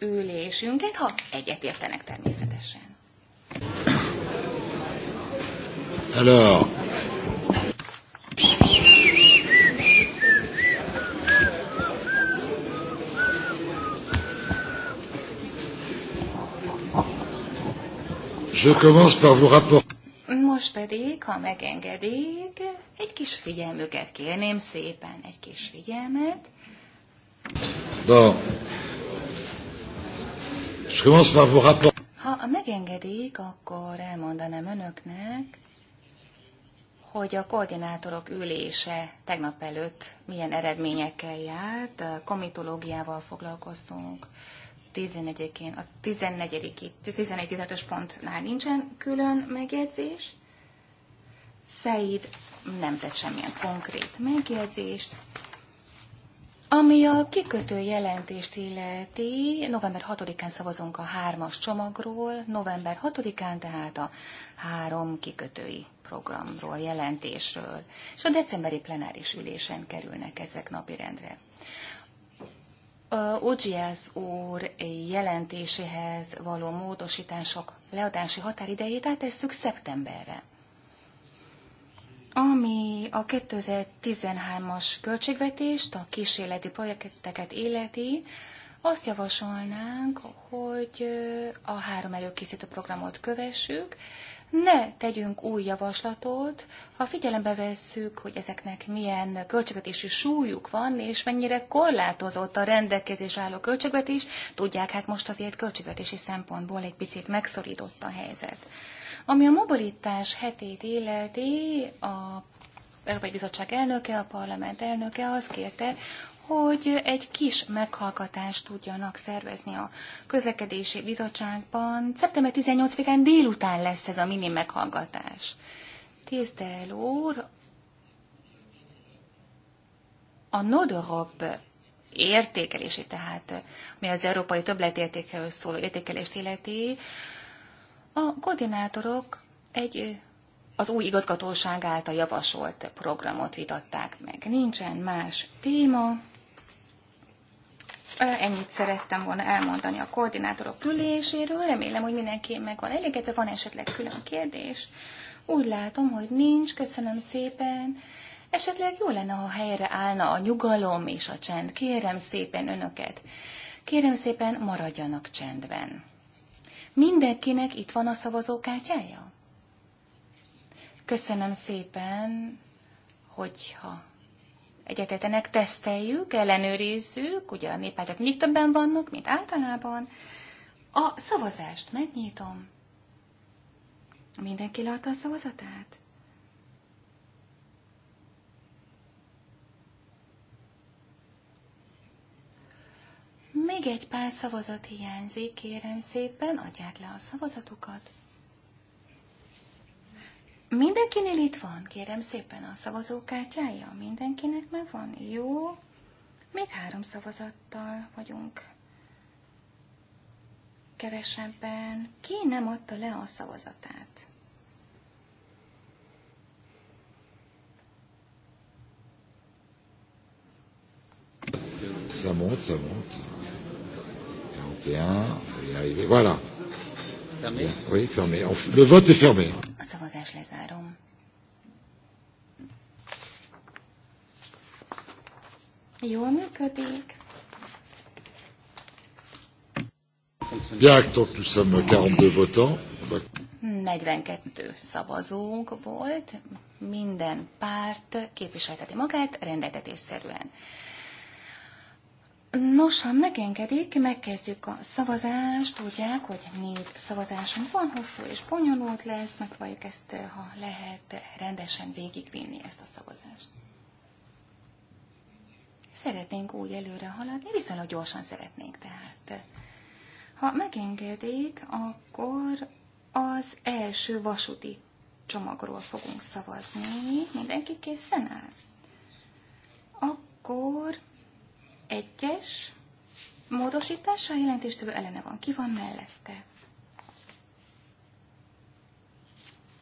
ülésünket, ha egyetértenek természetesen. Alors. Je commence par vous rapporter. Most pedig, ha megengedik, egy kis figyelmüket kérném szépen, egy kis figyelmet. Bon. Ha megengedik, akkor elmondanám önöknek, hogy a koordinátorok ülése tegnap előtt milyen eredményekkel járt. A komitológiával foglalkoztunk 14-én, a 14 11 15 ös pontnál nincsen külön megjegyzés. Szeid nem tett semmilyen konkrét megjegyzést, ami a kikötő jelentést illeti, november 6-án szavazunk a hármas csomagról, november 6-án tehát a három kikötői programról, jelentésről, és a decemberi plenáris ülésen kerülnek ezek napirendre. Ugyász úr jelentéséhez való módosítások leadási határidejét áttesszük szeptemberre. Ami a 2013-as költségvetést, a kísérleti projekteket életi, azt javasolnánk, hogy a három előkészítő programot kövessük, ne tegyünk új javaslatot, ha figyelembe vesszük, hogy ezeknek milyen költségvetési súlyuk van, és mennyire korlátozott a rendelkezés álló költségvetés, tudják, hát most azért költségvetési szempontból egy picit megszorított a helyzet. Ami a mobilitás hetét illeti, a Európai Bizottság elnöke, a parlament elnöke azt kérte, hogy egy kis meghallgatást tudjanak szervezni a közlekedési bizottságban. Szeptember 18-án délután lesz ez a mini meghallgatás. Tisztel úr, a Nodorob értékelési, tehát mi az európai többletértékelő szóló értékelést illeti, a koordinátorok egy az új igazgatóság által javasolt programot vitatták meg. Nincsen más téma. Ennyit szerettem volna elmondani a koordinátorok üléséről. Remélem, hogy mindenki megvan elégedve. Van esetleg külön kérdés? Úgy látom, hogy nincs. Köszönöm szépen. Esetleg jó lenne, ha helyre állna a nyugalom és a csend. Kérem szépen önöket. Kérem szépen maradjanak csendben. Mindenkinek itt van a szavazókártyája? Köszönöm szépen, hogyha egyetetenek teszteljük, ellenőrizzük, ugye a néppártok még többen vannak, mint általában. A szavazást megnyitom. Mindenki látta a szavazatát? Még egy pár szavazat hiányzik, kérem szépen, adják le a szavazatukat. Mindenkinél itt van, kérem szépen a szavazókártyája. Mindenkinek megvan? Jó. Még három szavazattal vagyunk kevesebben. Ki nem adta le a szavazatát? Ça monte, Voilà. Fermé Oui, fermé. le vote est fermé. A szavazás lezárom. Jól működik. Bien, tant que nous sommes 42 votants. 42 szavazónk volt, minden párt képviselteti magát rendeltetésszerűen. Nos, ha megengedik, megkezdjük a szavazást. Tudják, hogy négy szavazásunk van, hosszú és bonyolult lesz. Megpróbáljuk ezt, eh, ha lehet, eh, rendesen végigvinni ezt a szavazást. Szeretnénk úgy előre haladni, viszonylag gyorsan szeretnénk tehát. Ha megengedik, akkor az első vasúti csomagról fogunk szavazni. Mindenki készen áll? Akkor egyes módosítása a jelentéstől ellene van. Ki van mellette?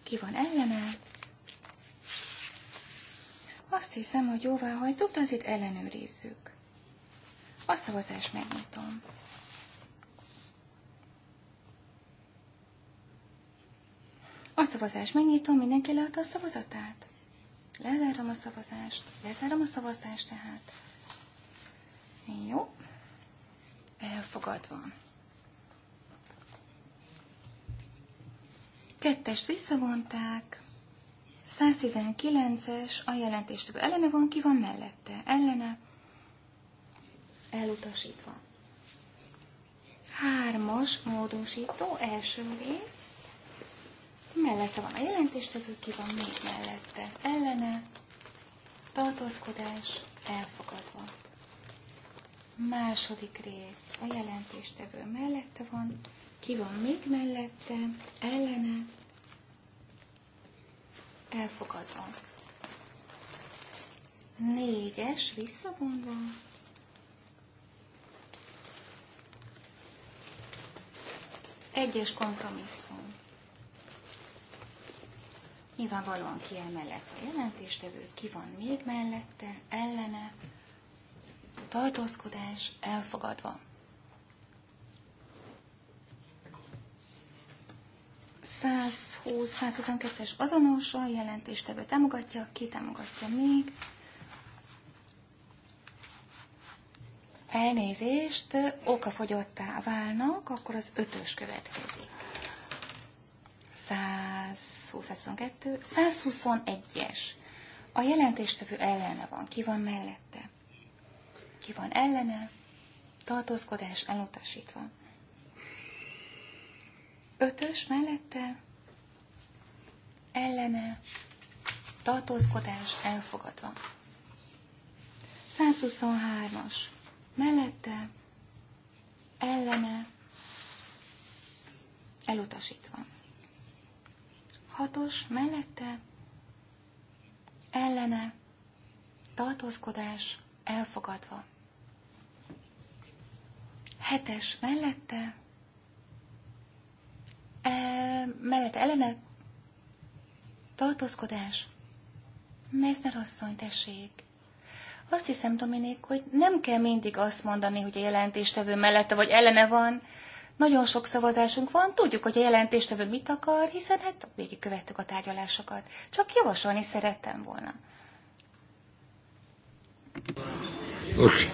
Ki van ellene? Azt hiszem, hogy jóvá hajtuk, de azért ellenőrizzük. A szavazást megnyitom. A szavazást megnyitom, mindenki leadta a szavazatát. Lezárom a szavazást, lezárom a szavazást tehát. Jó. Elfogadva. Kettest visszavonták. 119-es a jelentéstől ellene van, ki van mellette? Ellene. Elutasítva. Hármas módosító, első rész. Mellette van a jelentéstevő, ki van még mellette? Ellene. Tartózkodás elfogadva. Második rész a jelentéstevő mellette van, ki van még mellette, ellene, elfogadva. Négyes visszavonva. Egyes kompromisszum. Nyilvánvalóan kiemellett a jelentéstevő, ki van még mellette, ellene, tartózkodás elfogadva. 120-122-es azonos a jelentéstevő támogatja, ki támogatja még. Elnézést, okafogyottá válnak, akkor az ötös következik. 122, 121-es. A jelentéstevő ellene van, ki van mellette? ki van ellene, tartózkodás elutasítva. Ötös mellette, ellene, tartózkodás elfogadva. 123-as, mellette, ellene, elutasítva. Hatos, mellette, ellene, tartózkodás elfogadva. Hetes mellette. E, mellette ellene tartózkodás. Meszner asszony, tessék. Azt hiszem, Dominik, hogy nem kell mindig azt mondani, hogy a jelentéstevő mellette vagy ellene van. Nagyon sok szavazásunk van, tudjuk, hogy a jelentéstevő mit akar, hiszen hát végigkövettük a tárgyalásokat. Csak javasolni szerettem volna. Okay.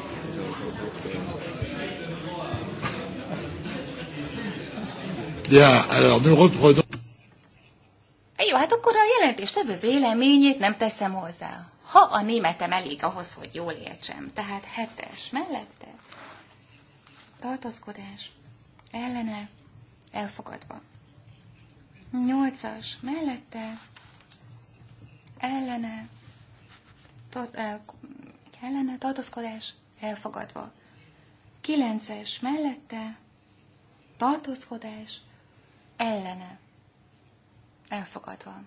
Bien, Jó, hát akkor a jelentéstevő véleményét nem teszem hozzá. Ha a németem elég ahhoz, hogy jól értsem. Tehát hetes mellette. Tartozkodás. Ellene. Elfogadva. Nyolcas mellette. Ellene. Tart, eh, ellene. Tartozkodás. Elfogadva. Kilences mellette. Tartózkodás ellene elfogadva.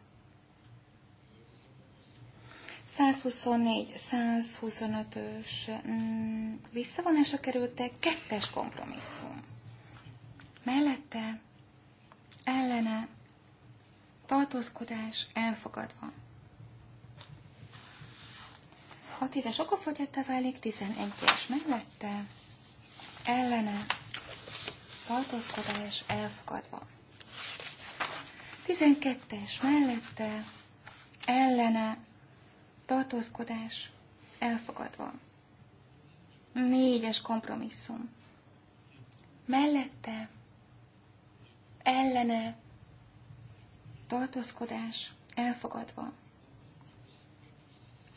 124-125-ös mm, visszavonásra kerültek, kettes kompromisszum. Mellette ellene tartózkodás elfogadva. A tízes okofogyata válik, 11-es mellette ellene tartózkodás elfogadva. 12-es mellette ellene tartózkodás elfogadva. Négyes kompromisszum. Mellette ellene tartózkodás elfogadva.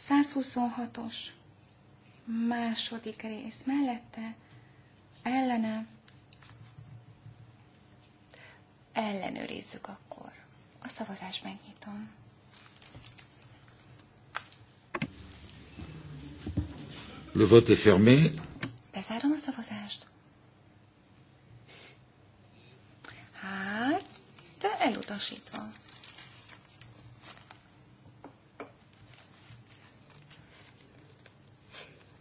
126-os második rész mellette ellene ellenőrizzük akkor. A szavazást megnyitom. Le vote est fermé. Bezárom a szavazást. Hát, de elutasítva.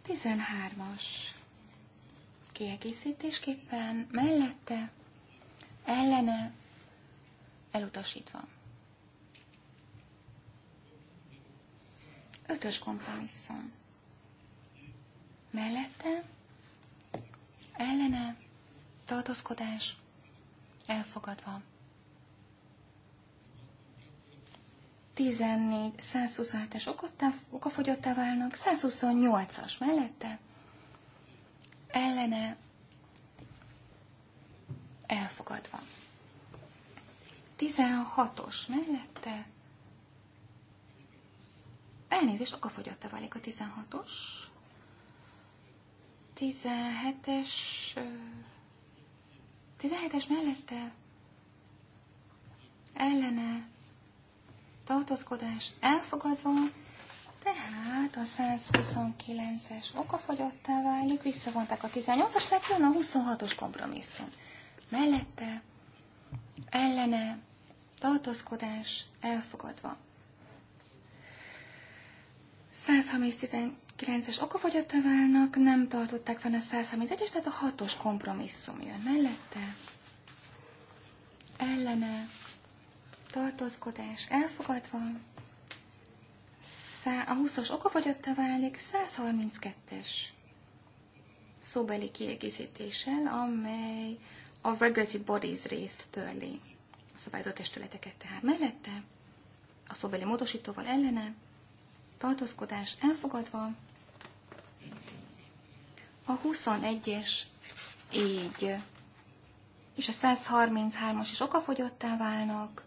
Tizenhármas. Kiegészítésképpen mellette, ellene, elutasítva. Ötös kompromisszum. Mellette, ellene, tartózkodás, elfogadva. 14, 127-es okafogyottá válnak, 128-as mellette, ellene, elfogadva. 16-os mellette, Elnézést, okafogyottá válik a 16-os. 17-es... 17-es mellette ellene tartózkodás elfogadva, tehát a 129-es okafogyottá válik, visszavonták a 18-as, tehát jön a 26-os kompromisszum. Mellette ellene tartózkodás elfogadva. 139-es okafogyata válnak, nem tartották fenn a 131-es, tehát a 6-os kompromisszum jön mellette. Ellene, tartózkodás elfogadva, a 20-as okafogyata válik, 132-es szóbeli kiegészítéssel, amely a Regulatory Bodies részt törli. A szabályzó testületeket tehát mellette, a szóbeli módosítóval ellene, tartózkodás elfogadva. A 21-es így, és a 133-as is okafogyottá válnak.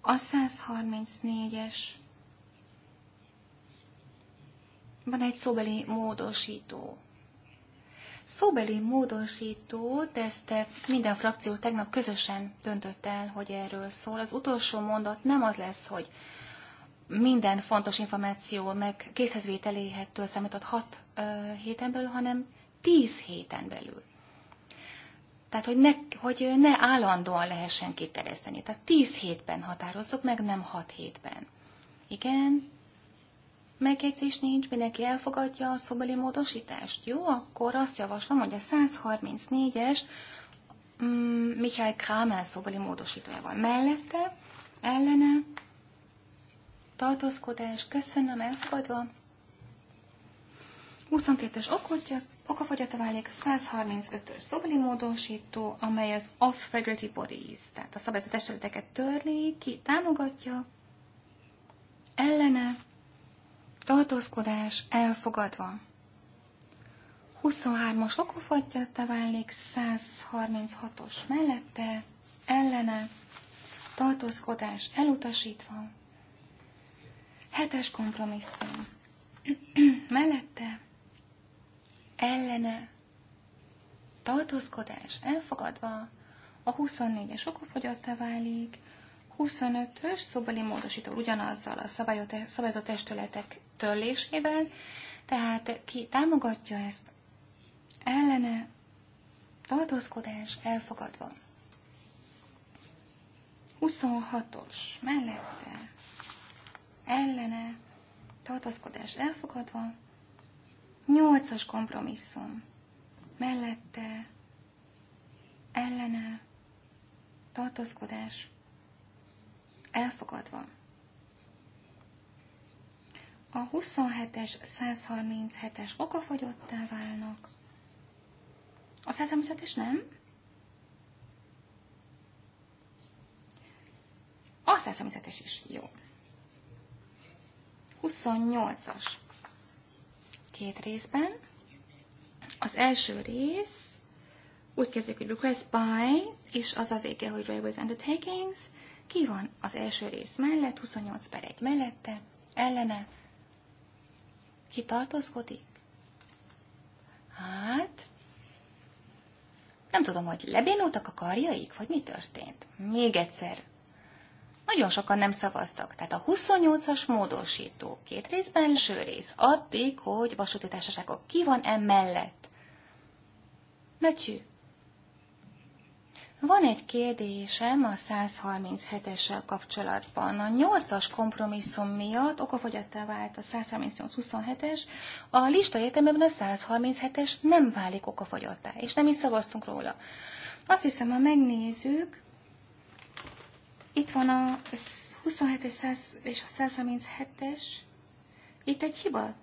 A 134-es van egy szóbeli módosító. Szóbeli módosító, ezt minden frakció tegnap közösen döntött el, hogy erről szól. Az utolsó mondat nem az lesz, hogy minden fontos információ meg készhezvételéhettől számított 6 héten belül, hanem 10 héten belül. Tehát, hogy ne, hogy ne állandóan lehessen kiterjeszteni. Tehát 10 hétben határozzuk meg, nem 6 hétben. Igen, megjegyzés nincs, mindenki elfogadja a szobeli módosítást. Jó, akkor azt javaslom, hogy a 134-es um, mm, Michael Kramer szobeli módosítójával mellette, ellene, tartózkodás, köszönöm, elfogadva. 22-es okotja, okafogyata válik 135-ös szobeli módosító, amely az off-regulatory bodies, tehát a szabályzó testületeket törli, ki támogatja, ellene, tartózkodás elfogadva. 23-as te válnék 136-os mellette, ellene, tartózkodás elutasítva. 7-es kompromisszum mellette, ellene, tartózkodás elfogadva, a 24-es okofogyatta válik, 25-ös szobali módosító ugyanazzal a szabályozott testületek törlésével, tehát ki támogatja ezt, ellene tartózkodás elfogadva. 26-os mellette ellene tartózkodás elfogadva, 8-as kompromisszum mellette ellene tartózkodás elfogadva. A 27-es, 137-es okafogyottá válnak. A 137-es nem? A 137-es is. Jó. 28-as. Két részben. Az első rész úgy kezdjük, hogy request by, és az a vége, hogy Railways Undertakings. Ki van az első rész mellett, 28 per 1 mellette, ellene, ki tartózkodik? Hát, nem tudom, hogy lebénultak a karjaik, vagy mi történt. Még egyszer. Nagyon sokan nem szavaztak, tehát a 28-as módosító két részben, első rész, addig, hogy vasúti társaságok ki van emellett. Mötyű, van egy kérdésem a 137-essel kapcsolatban. A 8-as kompromisszum miatt okafogyattá vált a 138-27-es, a lista értelmében a 137-es nem válik okafogyattá, és nem is szavaztunk róla. Azt hiszem, ha megnézzük, itt van a 27-es és a 137-es, itt egy hiba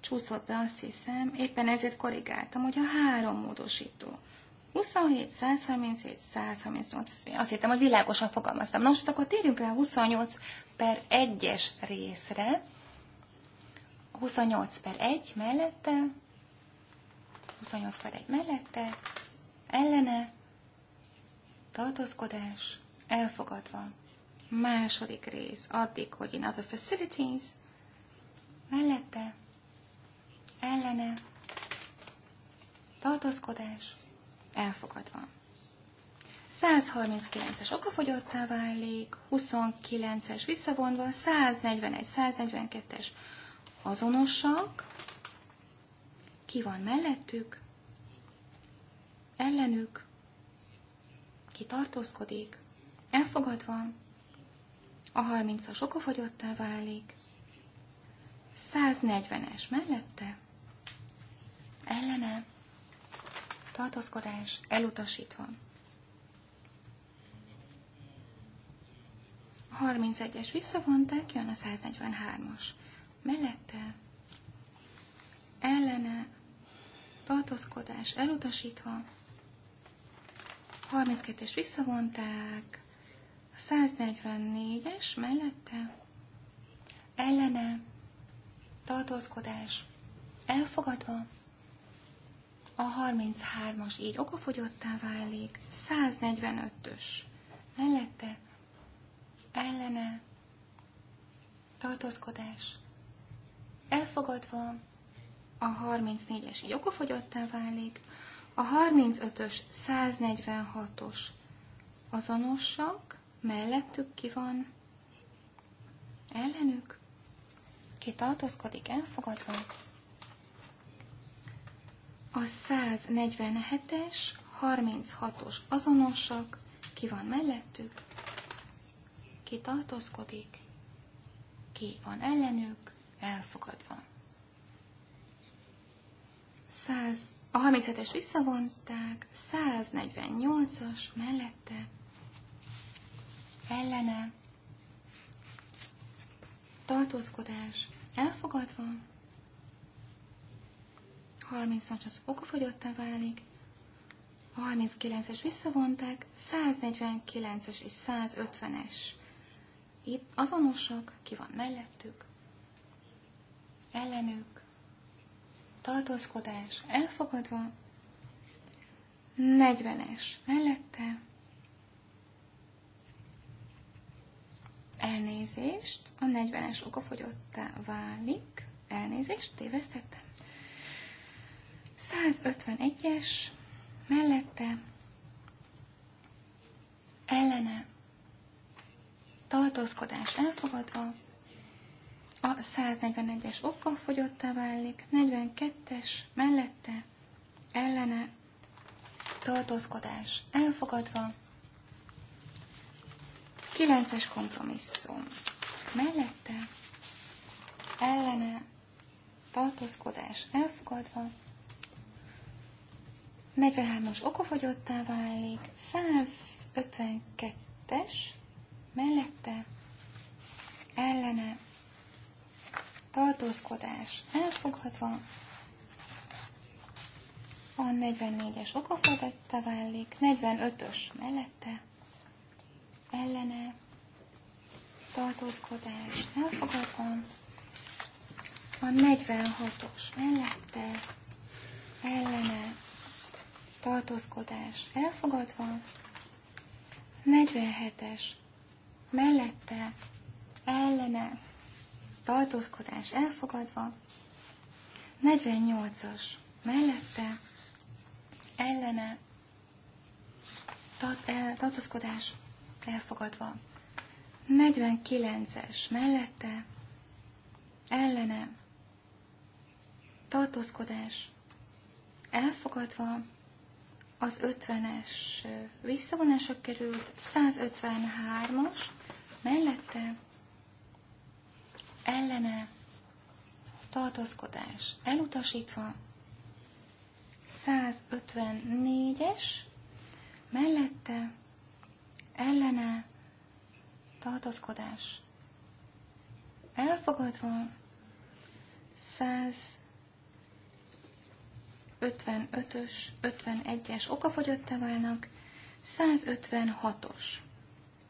csúszott be, azt hiszem, éppen ezért korrigáltam, hogy a három módosító. 27, 137, 138, azt hittem, hogy világosan fogalmaztam. Nos, hát akkor térjünk rá 28 per 1-es részre. 28 per 1 mellette, 28 per 1 mellette, ellene, tartózkodás, elfogadva. Második rész, addig, hogy in other facilities, mellette, ellene, tartózkodás, elfogadva. 139-es okafogyottá válik, 29-es visszavonva, 141-142-es azonosak, ki van mellettük, ellenük, ki tartózkodik, elfogadva, a 30-as okafogyottá válik, 140-es mellette, ellene, tartózkodás elutasítva. 31-es visszavonták, jön a 143-as. Mellette ellene tartózkodás elutasítva. 32-es visszavonták, a 144-es mellette ellene tartózkodás elfogadva. A 33-as így okafogyottá válik, 145-ös mellette ellene tartózkodás elfogadva, a 34-es így okafogyottá válik, a 35-ös 146-os azonosak, mellettük ki van, ellenük, ki tartózkodik elfogadva, a 147-es, 36-os azonosak, ki van mellettük, ki tartózkodik, ki van ellenük, elfogadva. 100, a 37-es visszavonták, 148-as mellette, ellene, tartózkodás, elfogadva, 38-as okafogyottá válik, 39-es visszavonták, 149-es és 150-es. Itt azonosak, ki van mellettük, ellenük, tartózkodás elfogadva, 40-es mellette, elnézést, a 40-es okafogyottá válik, elnézést, tévesztettem. 151-es mellette ellene tartózkodás elfogadva, a 141-es okkal fogyottá válik, 42-es mellette ellene tartózkodás elfogadva, 9-es kompromisszum mellette ellene tartózkodás elfogadva, 43-as okofogyottá válik, 152-es mellette ellene tartózkodás elfogadva, a 44-es okofogyottá válik, 45-ös mellette ellene tartózkodás elfogadva, a 46-os mellette ellene tartózkodás elfogadva, 47-es mellette, ellene, tartózkodás elfogadva, 48-as mellette, ellene, tart, el, tartózkodás elfogadva, 49-es mellette, ellene, tartózkodás elfogadva, az 50-es visszavonásra került, 153-as mellette ellene tartózkodás elutasítva, 154-es mellette ellene tartózkodás elfogadva, 100 55-ös, 51-es okafogyottá válnak, 156-os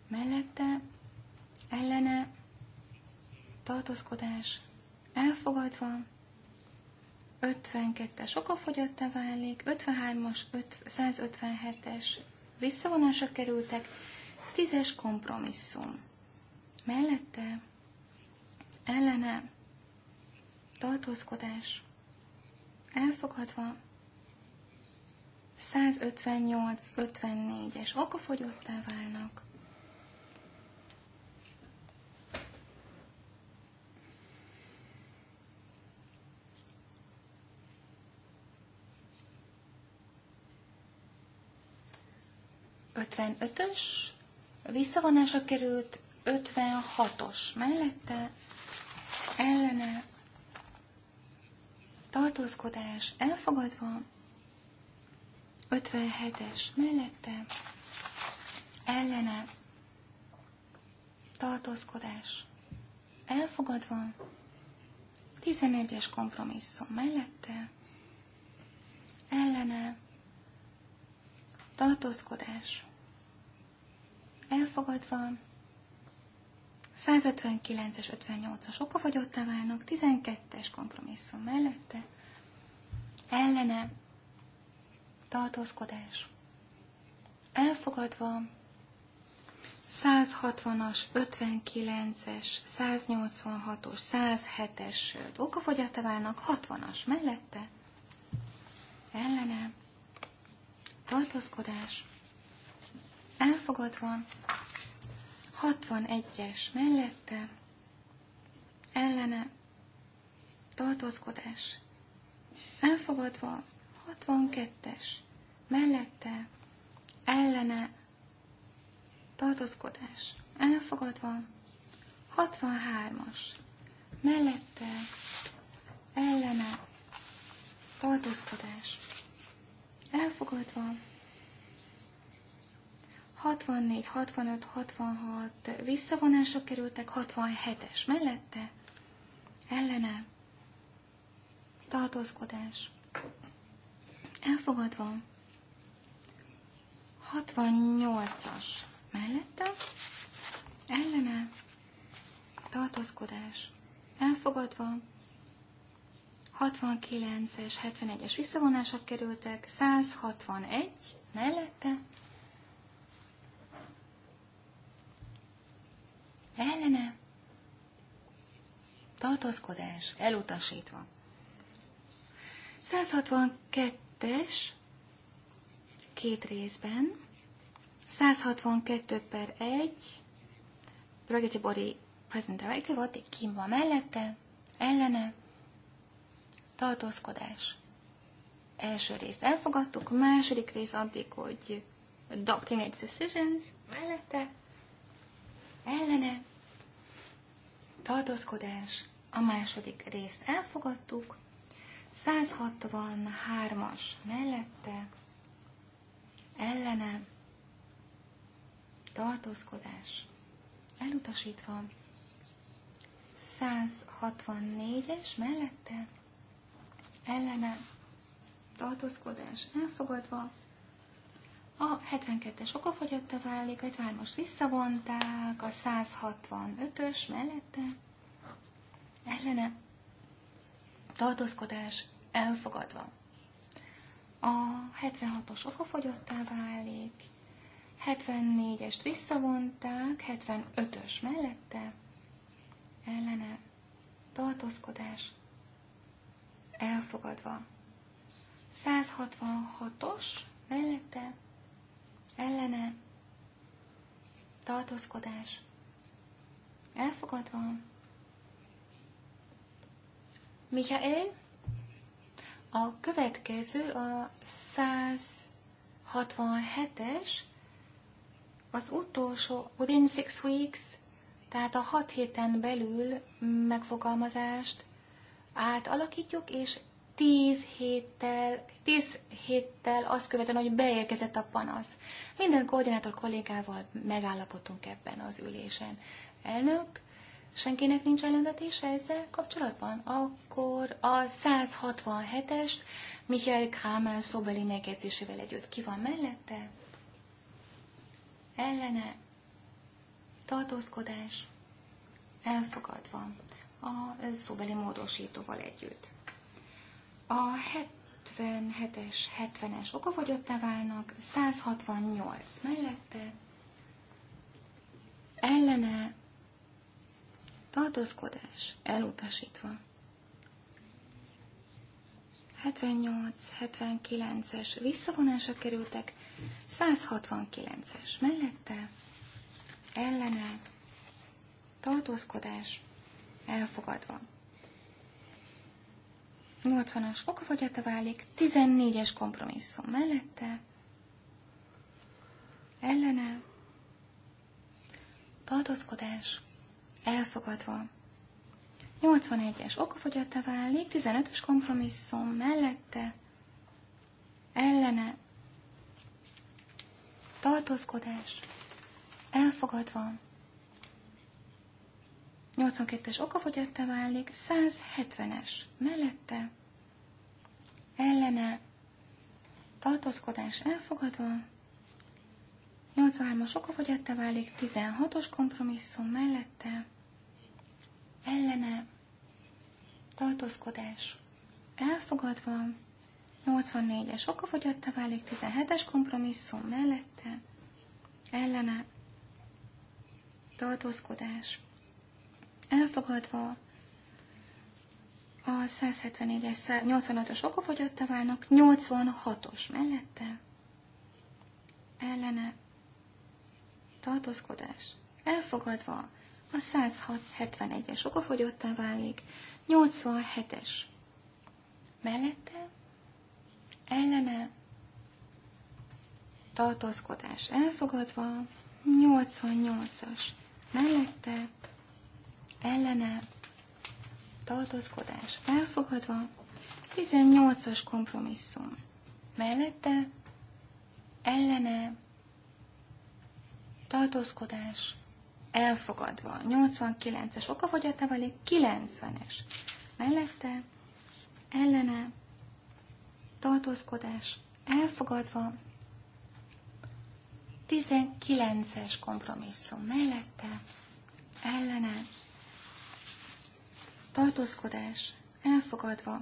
mellette ellene tartózkodás elfogadva, 52-es okafogyottá válik, 53-as, 157-es visszavonásra kerültek, 10-es kompromisszum. Mellette ellene tartózkodás elfogadva, 158-54-es okafogyottá válnak. ötös visszavonásra került 56-os mellette, ellene tartózkodás elfogadva, 57-es mellette, ellene, tartózkodás elfogadva, 11-es kompromisszum mellette, ellene, tartózkodás elfogadva, 159-es, 58-as okafogyottá válnak, 12-es kompromisszum mellette, ellene, tartózkodás, elfogadva, 160-as, 59-es, 186-os, 107-es okafogyottá válnak, 60-as mellette, ellene, tartózkodás, elfogadva, 61-es mellette, ellene, tartózkodás, elfogadva, 62-es mellette, ellene, tartózkodás, elfogadva, 63-as mellette, ellene, tartózkodás, elfogadva, 64, 65, 66 visszavonásra kerültek, 67-es mellette, ellene, tartózkodás, elfogadva, 68-as mellette, ellene, tartózkodás, elfogadva, 69-es, 71-es visszavonások kerültek, 161 mellette, ellene, tartózkodás, elutasítva. 162-es, két részben, 162 per 1, Regulatory Body Present Directive, ott egy kim van mellette, ellene, tartózkodás. Első részt elfogadtuk, második rész addig, hogy adopting its Decisions mellette, ellene, tartózkodás, a második részt elfogadtuk, 163-as mellette, ellene, tartózkodás, elutasítva, 164-es mellette, ellene, tartózkodás elfogadva, a 72-es okafogyottá válik, 53-as visszavonták, a 165-ös mellette ellene tartózkodás elfogadva. A 76-os okafogyottá válik, 74-est visszavonták, 75-ös mellette ellene tartózkodás elfogadva. 166-os mellette ellene, tartózkodás, elfogadva. Michael, a következő a 167-es, az utolsó, within six weeks, tehát a hat héten belül megfogalmazást átalakítjuk, és tíz héttel, tíz héttel azt követően, hogy beérkezett a panasz. Minden koordinátor kollégával megállapodtunk ebben az ülésen. Elnök, senkinek nincs ellenvetése ezzel kapcsolatban? Akkor a 167-est Michael Kramer szobeli megjegyzésével együtt ki van mellette? Ellene? Tartózkodás? Elfogadva a szobeli módosítóval együtt. A 77-es, 70-es okafogyottá válnak, 168 mellette, ellene tartózkodás elutasítva. 78-79-es visszavonásra kerültek, 169-es mellette, ellene, tartózkodás elfogadva. 80-as okafogyata válik, 14-es kompromisszum mellette, ellene, tartózkodás, elfogadva. 81-es okafogyata válik, 15-ös kompromisszum mellette, ellene, tartózkodás, elfogadva. 82-es okafogyatta válik, 170-es mellette, ellene, tartózkodás elfogadva, 83-as okafogyatta válik, 16-os kompromisszum mellette, ellene, tartózkodás elfogadva, 84-es okafogyatta válik, 17-es kompromisszum mellette, ellene, tartózkodás elfogadva, a 174-es, 86-os okofogyott válnak, 86-os mellette, ellene, tartózkodás, elfogadva, a 171-es okofogyottá válik, 87-es mellette, ellene, tartózkodás elfogadva, 88-as mellette, ellene tartózkodás elfogadva, 18-as kompromisszum mellette ellene tartózkodás elfogadva, 89-es okafogyatával, 90-es mellette ellene tartózkodás elfogadva, 19-es kompromisszum mellette ellene tartózkodás elfogadva,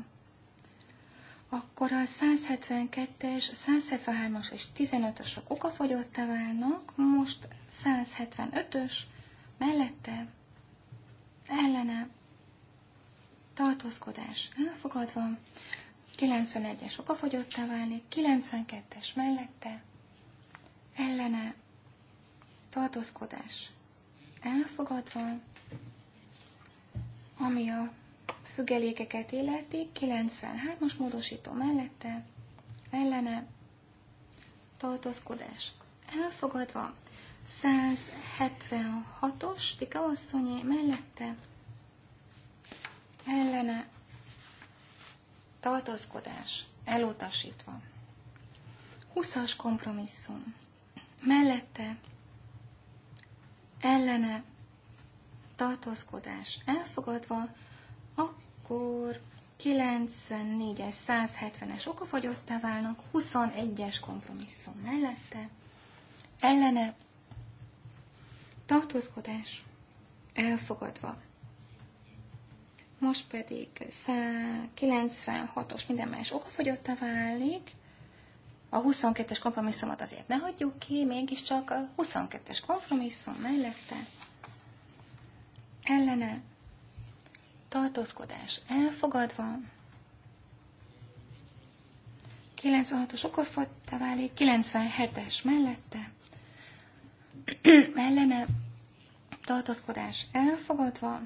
akkor a 172-es, 173-as és 15-ösök okafogyottá válnak, most 175-ös mellette ellene tartózkodás elfogadva, 91-es okafogyottá válik, 92-es mellette ellene tartózkodás elfogadva, ami a függelékeket illeti, 93-as módosító mellette, ellene, tartózkodás elfogadva, 176-os Tika asszonyé mellette, ellene, tartózkodás elutasítva. 20-as kompromisszum mellette, ellene, tartózkodás elfogadva, akkor 94-es, 170-es okafogyottá válnak, 21-es kompromisszum mellette, ellene tartózkodás elfogadva. Most pedig 96-os minden más okafogyottá válik, a 22-es kompromisszumot azért ne hagyjuk ki, mégiscsak a 22-es kompromisszum mellette ellene, tartózkodás elfogadva, 96-os okorfotta válik, 97-es mellette, ellene, tartózkodás elfogadva,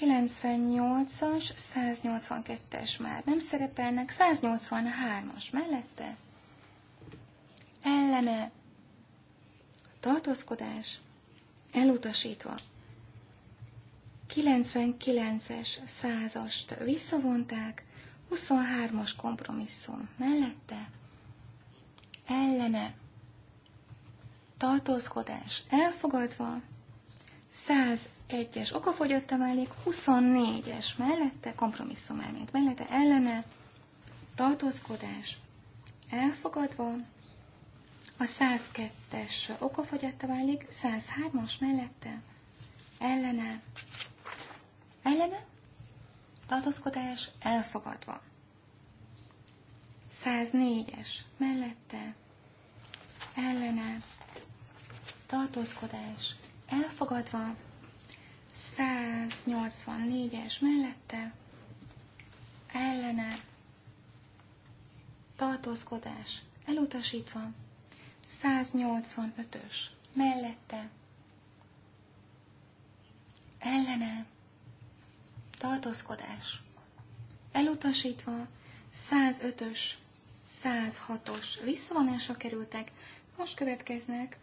98-as, 182-es már nem szerepelnek, 183-as mellette, ellene, tartózkodás elutasítva, 99-es, százast visszavonták, 23-as kompromisszum mellette, ellene, tartózkodás elfogadva, 101-es okafogyott emelék, 24-es mellette, kompromisszum elményt mellette, ellene, tartózkodás elfogadva, a 102-es okafogyatta válik, 103-as mellette, ellene, Ellene? Tartózkodás elfogadva. 104-es mellette. Ellene. Tartózkodás elfogadva. 184-es mellette. Ellene. Tartózkodás elutasítva. 185-ös mellette. Ellene tartózkodás. Elutasítva 105-ös, 106-os visszavonásra kerültek, most következnek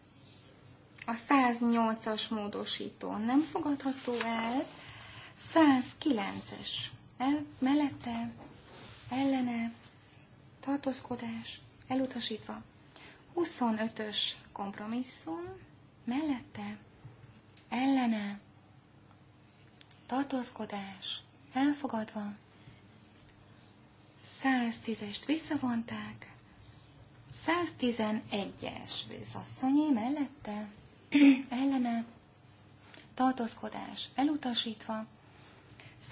a 108-as módosító nem fogadható el, 109-es el, mellette, ellene, tartózkodás, elutasítva, 25-ös kompromisszum, mellette, ellene, tartózkodás elfogadva, 110-est visszavonták, 111-es vízasszonyé mellette, ellene, tartózkodás elutasítva,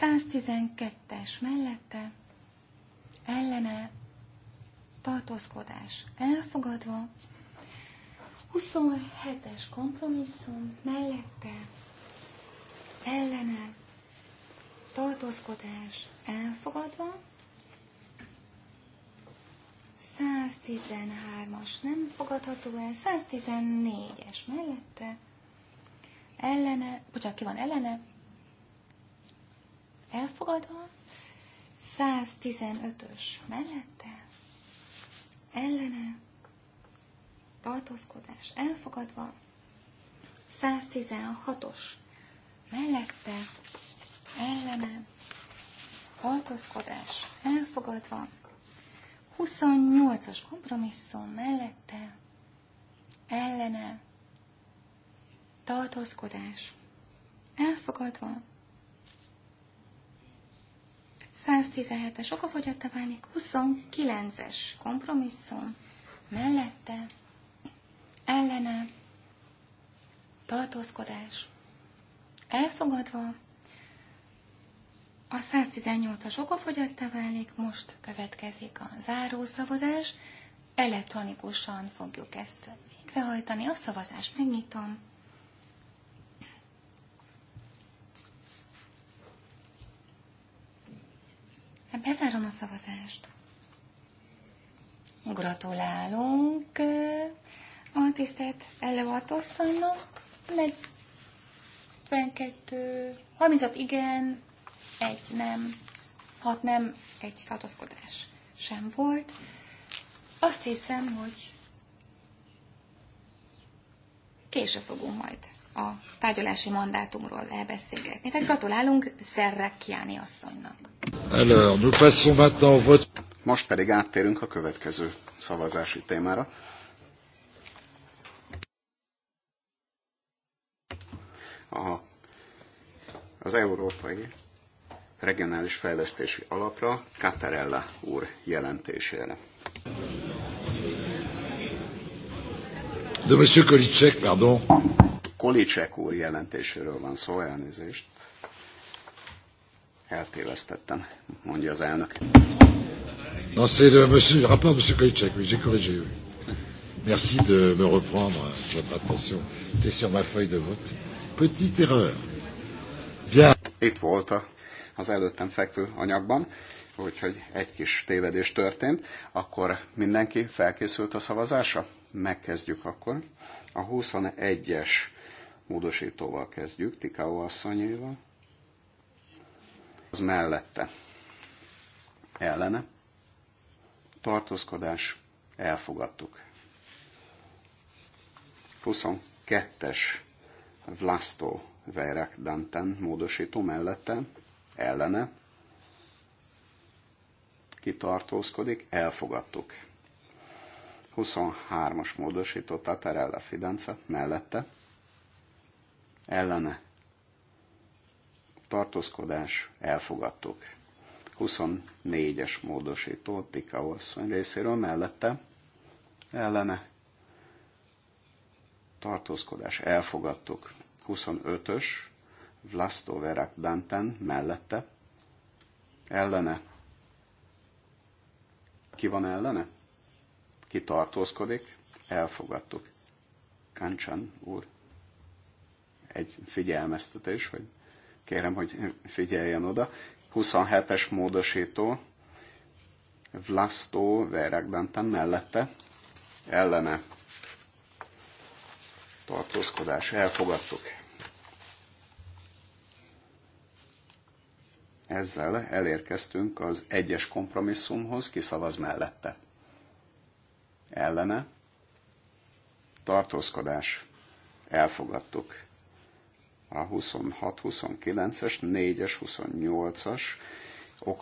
112-es mellette, ellene, tartózkodás elfogadva, 27-es kompromisszum mellette, ellene, tartózkodás elfogadva, 113-as nem fogadható el, 114-es mellette, ellene, bocsánat, ki van ellene, elfogadva, 115-ös mellette, ellene, tartózkodás elfogadva, 116-os mellette, ellene, tartózkodás elfogadva, 28-as kompromisszum mellette, ellene, tartózkodás elfogadva, 117-es okafogyatta válik, 29-es kompromisszum mellette, ellene, tartózkodás elfogadva, a 118-as okafogyatta válik, most következik a zárószavazás. Elektronikusan fogjuk ezt végrehajtani. A szavazást megnyitom. Bezárom a szavazást. Gratulálunk a tisztelt előadószannak. 42, 36 igen, egy nem, hat nem, egy tartozkodás sem volt. Azt hiszem, hogy később fogunk majd a tárgyalási mandátumról elbeszélgetni. Tehát gratulálunk Szerrek Kiáni asszonynak. Alors, nous passons maintenant votre... Most pedig áttérünk a következő szavazási témára. A, az európai regionális fejlesztési alapra Catarella úr jelentésére. De Monsieur Kolicek, pardon. Kolicek úr jelentéséről van szó, elnézést. Eltévesztettem, mondja az elnök. Non, c'est le, monsieur, le rapport de M. Kolicek, oui, j'ai corrigé. Oui. Merci de me reprendre votre attention. C'était sur ma feuille de vote. Petite erreur. Bien. Itt volt a az előttem fekvő anyagban, úgyhogy egy kis tévedés történt, akkor mindenki felkészült a szavazásra? Megkezdjük akkor. A 21-es módosítóval kezdjük, Tikao asszonyéval. Az mellette. Ellene. Tartózkodás. Elfogadtuk. 22-es Vlasto Verek Danten módosító mellette ellene, kitartózkodik, elfogadtuk. 23-as módosító Tatarella Fidence mellette, ellene, tartózkodás, elfogadtuk. 24-es módosító Tika Olszony részéről mellette, ellene, tartózkodás, elfogadtuk. 25-ös Vlastoverak Benten mellette. Ellene. Ki van ellene? Ki tartózkodik? Elfogadtuk. Kancsán úr. Egy figyelmeztetés, hogy kérem, hogy figyeljen oda. 27-es módosító, Vlasto Verakdantan mellette ellene tartózkodás elfogadtuk. Ezzel elérkeztünk az egyes kompromisszumhoz, szavaz mellette. Ellene. Tartózkodás. Elfogadtuk a 26-29-es, 4-es, 28-as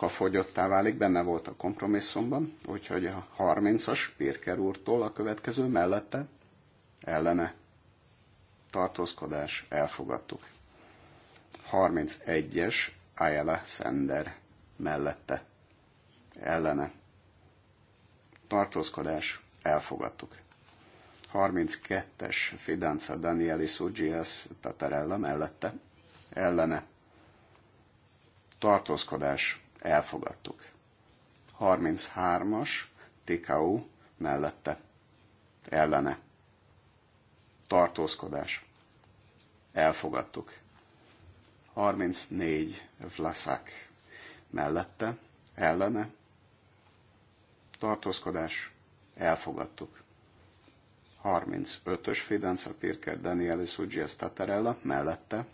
fogyottá válik, benne volt a kompromisszumban, úgyhogy a 30-as Pirker úrtól a következő mellette ellene tartózkodás elfogadtuk. 31-es Ayala Sender mellette ellene tartózkodás elfogadtuk. 32-es Fidanza Danieli Sugias Tatarella mellette ellene tartózkodás elfogadtuk. 33-as Tikau mellette ellene tartózkodás elfogadtuk. 34 Vlaszák mellette, ellene, tartózkodás, elfogadtuk. 35-ös Fidanza Pirker Danielis Ugyes Tatarella mellette,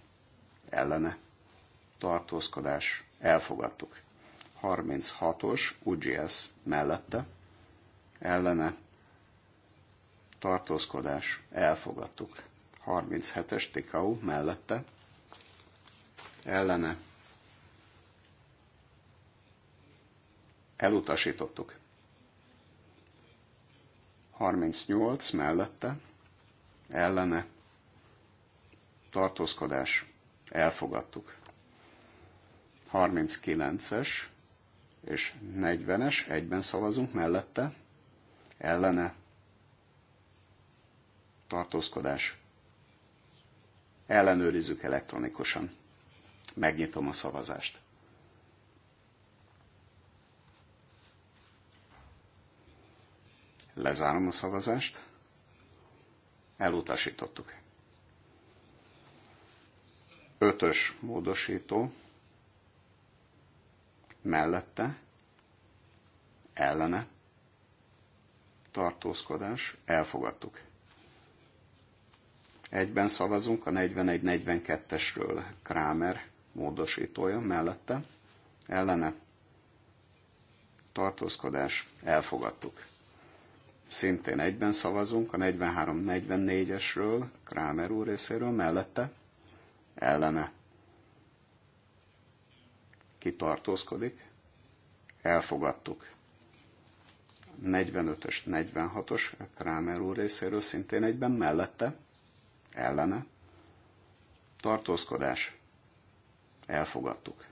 ellene, tartózkodás, elfogadtuk. 36-os UGS mellette, ellene, tartózkodás, elfogadtuk. 37-es Tikau mellette, ellene elutasítottuk. 38 mellette ellene tartózkodás elfogadtuk. 39-es és 40-es egyben szavazunk mellette ellene tartózkodás. Ellenőrizzük elektronikusan. Megnyitom a szavazást. Lezárom a szavazást. Elutasítottuk. Ötös módosító mellette, ellene, tartózkodás, elfogadtuk. Egyben szavazunk a 41-42-esről Kramer módosítója mellette, ellene tartózkodás elfogadtuk. Szintén egyben szavazunk a 43-44-esről, Krámer úr részéről mellette, ellene kitartózkodik, elfogadtuk. 45-ös, 46-os Krámer úr részéről szintén egyben mellette, ellene, tartózkodás, elfogadtuk.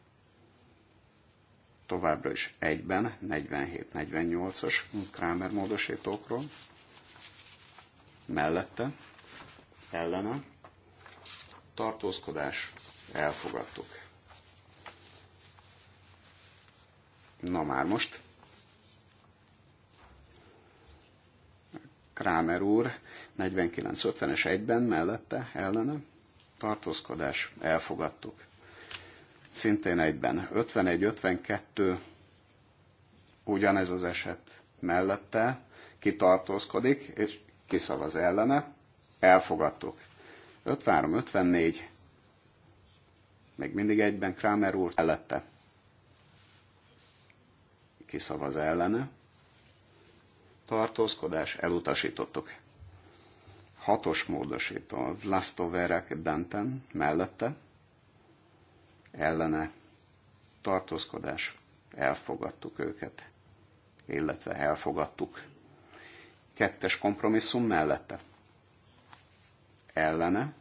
Továbbra is egyben 47-48-as Kramer módosítókról, mellette, ellene, tartózkodás, elfogadtuk. Na már most. Krámer úr 49-50-es egyben mellette ellene tartózkodás elfogadtuk szintén egyben. 51-52 ugyanez az eset mellette kitartózkodik, és kiszavaz ellene. Elfogadtuk. 53-54 még mindig egyben Kramer úr mellette kiszavaz ellene. Tartózkodás elutasítottuk. Hatos módosító Vlastoverek Danten mellette ellene tartózkodás, elfogadtuk őket, illetve elfogadtuk. Kettes kompromisszum mellette ellene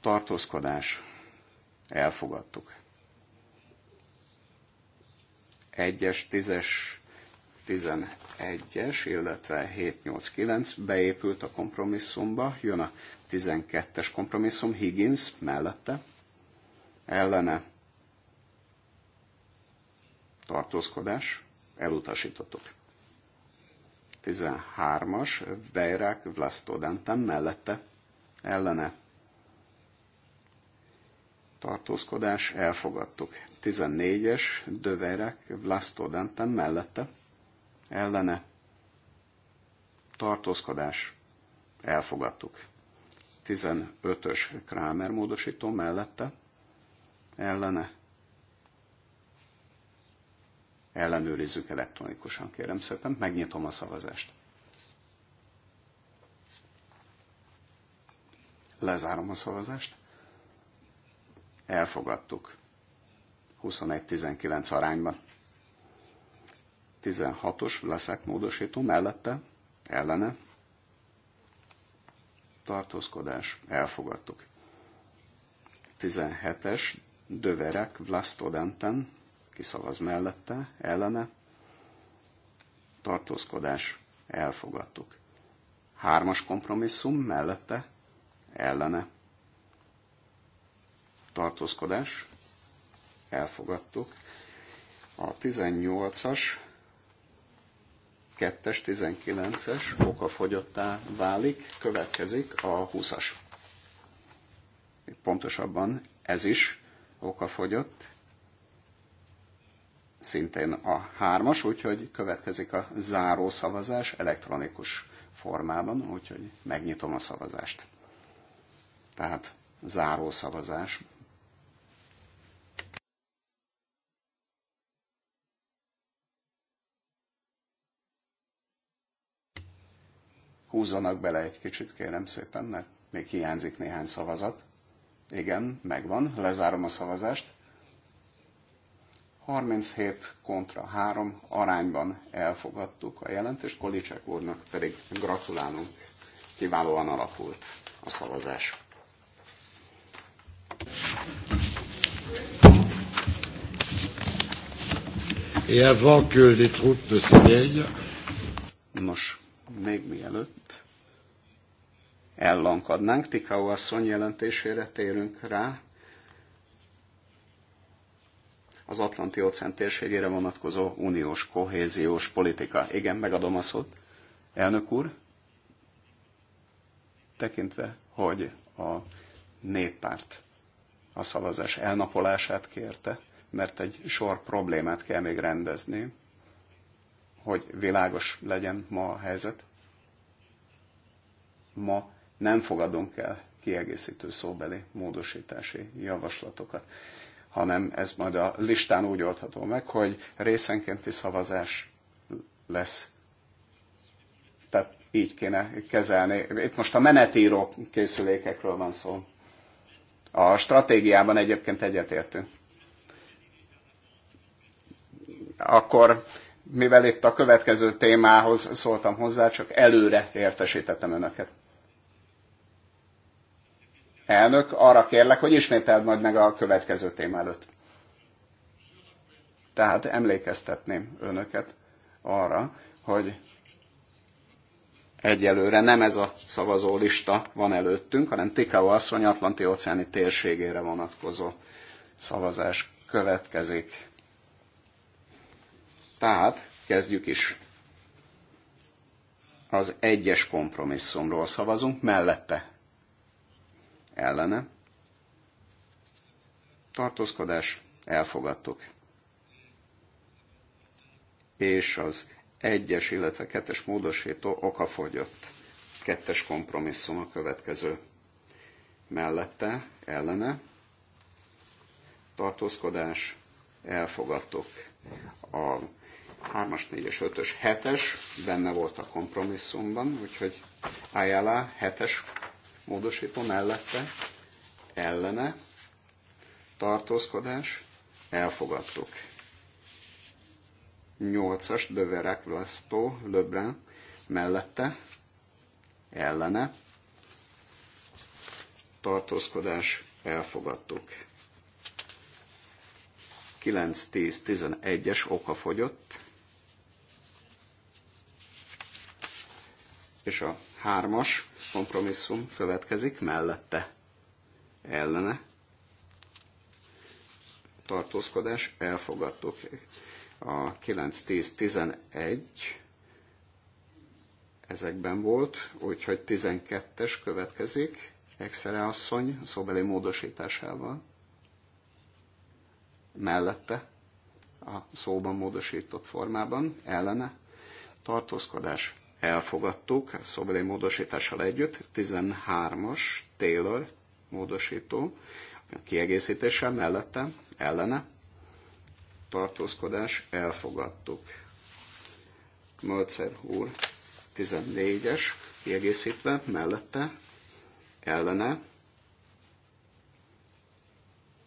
tartózkodás, elfogadtuk. Egyes, tízes, tizenegyes illetve 7-8-9 beépült a kompromisszumba, jön a 12-es kompromisszum Higgins mellette, ellene tartózkodás, elutasítottuk. 13-as Vejrák Vlasztodentem mellette ellene tartózkodás, elfogadtuk. 14-es Döverek Vlasztodentem mellette ellene tartózkodás, elfogadtuk. 15-ös Krámer módosító mellette ellene. Ellenőrizzük elektronikusan, kérem szépen. Megnyitom a szavazást. Lezárom a szavazást. Elfogadtuk. 21-19 arányban. 16-os leszek módosító mellette, ellene. Tartózkodás, elfogadtuk. 17-es Döverek, Vlastodenten, kiszavaz mellette, ellene, tartózkodás, elfogadtuk. Hármas kompromisszum, mellette, ellene, tartózkodás, elfogadtuk. A 18-as, 2-es, 19-es okafogyottá válik, következik a 20-as. Pontosabban ez is Oka fogyott. Szintén a hármas, úgyhogy következik a záró szavazás elektronikus formában, úgyhogy megnyitom a szavazást. Tehát záró szavazás. Húzzanak bele egy kicsit, kérem szépen, mert még hiányzik néhány szavazat. Igen, megvan, lezárom a szavazást. 37 kontra 3 arányban elfogadtuk a jelentést, Kolicsek úrnak pedig gratulálunk, kiválóan alakult a szavazás. Et avant que les troupes ne s'éveillent, Nos, még mielőtt ellankadnánk. Tikau asszony jelentésére térünk rá. Az Atlanti óceán térségére vonatkozó uniós kohéziós politika. Igen, megadom a szót. Elnök úr, tekintve, hogy a néppárt a szavazás elnapolását kérte, mert egy sor problémát kell még rendezni, hogy világos legyen ma a helyzet. Ma nem fogadunk el kiegészítő szóbeli módosítási javaslatokat, hanem ez majd a listán úgy oldható meg, hogy részenkénti szavazás lesz. Tehát így kéne kezelni. Itt most a menetíró készülékekről van szó. A stratégiában egyébként egyetértünk. Akkor, mivel itt a következő témához szóltam hozzá, csak előre értesítettem önöket. Elnök, arra kérlek, hogy ismételd majd meg a következő téma előtt. Tehát emlékeztetném önöket arra, hogy egyelőre nem ez a szavazólista van előttünk, hanem Tikau asszony Atlanti-óceáni térségére vonatkozó szavazás következik. Tehát kezdjük is. Az egyes kompromisszumról szavazunk, mellette ellene, tartózkodás, elfogadtuk. És az egyes, illetve kettes módosító okafogyott kettes kompromisszum a következő. Mellette, ellene, tartózkodás, elfogadtuk. A 3-as, 4-es, 5-ös, 7-es benne volt a kompromisszumban, úgyhogy Ayala 7-es módosító mellette ellene tartózkodás elfogadtuk. 8-as Döverek lesztó Löbrán mellette ellene tartózkodás elfogadtuk. 9-10-11-es oka fogyott, és a Hármas kompromisszum következik mellette. Ellene. Tartózkodás. Elfogadtuk. A 9, 10, 11 ezekben volt, úgyhogy 12-es következik. Exere asszony szóbeli módosításával. Mellette a szóban módosított formában, ellene tartózkodás elfogadtuk szóbeli módosítással együtt, 13-as Taylor módosító kiegészítéssel mellette, ellene, tartózkodás, elfogadtuk. Mölcer úr 14-es kiegészítve, mellette, ellene,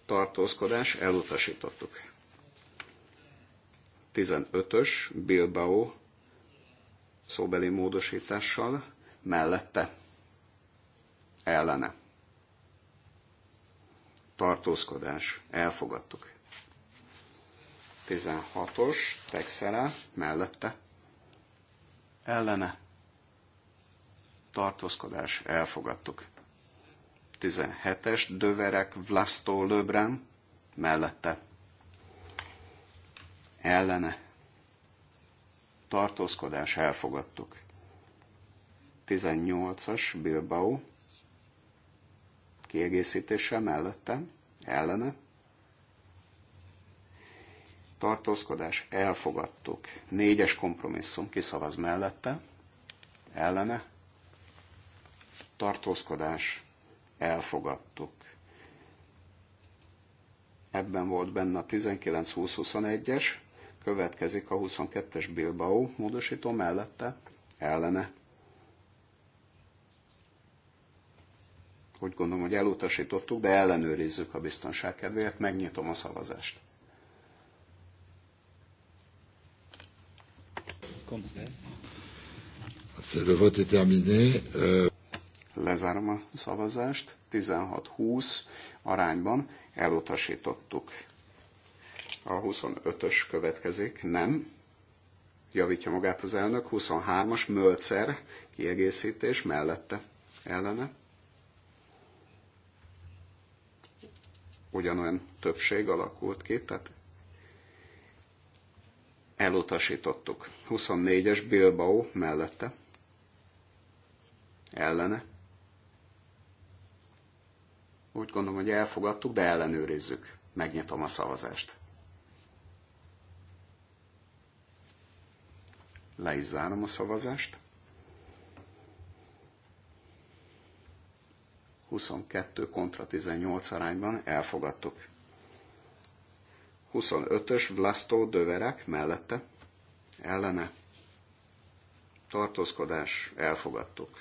tartózkodás, elutasítottuk. 15-ös Bilbao szóbeli módosítással mellette ellene. Tartózkodás. Elfogadtuk. 16-os texere mellette ellene. Tartózkodás. Elfogadtuk. 17-es Döverek vlasztó Löbrán mellette ellene tartózkodás elfogadtuk. 18-as Bilbao kiegészítéssel mellettem, ellene. Tartózkodás elfogadtuk. Négyes kompromisszum kiszavaz mellette, ellene. Tartózkodás elfogadtuk. Ebben volt benne a 19-20-21-es, Következik a 22-es Bilbao módosító mellette, ellene. Úgy gondolom, hogy elutasítottuk, de ellenőrizzük a biztonság kedvéért, megnyitom a szavazást. Euh. Lezárom a szavazást. 16-20 arányban elutasítottuk a 25-ös következik, nem. Javítja magát az elnök. 23-as mölcer kiegészítés mellette ellene. Ugyanolyan többség alakult ki, tehát elutasítottuk. 24-es Bilbao mellette ellene. Úgy gondolom, hogy elfogadtuk, de ellenőrizzük. Megnyitom a szavazást. Le is zárom a szavazást. 22 kontra 18 arányban elfogadtuk. 25-ös Vlasto Döverek mellette ellene tartózkodás elfogadtuk.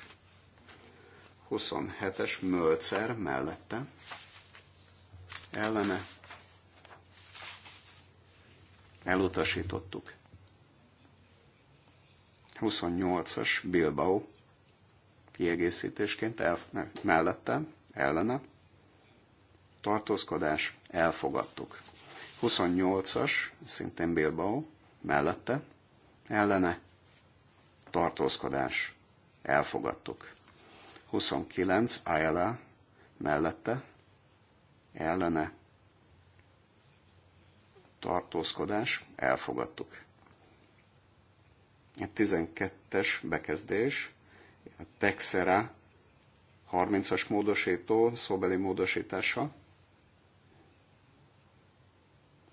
27-es Mölcer mellette ellene elutasítottuk. 28-as Bilbao kiegészítésként el, mellette, ellene, tartózkodás, elfogadtuk. 28-as, szintén Bilbao, mellette, ellene, tartózkodás, elfogadtuk. 29, Ayala, mellette, ellene, tartózkodás, elfogadtuk. A 12-es bekezdés, a Texera 30-as módosító szóbeli módosítása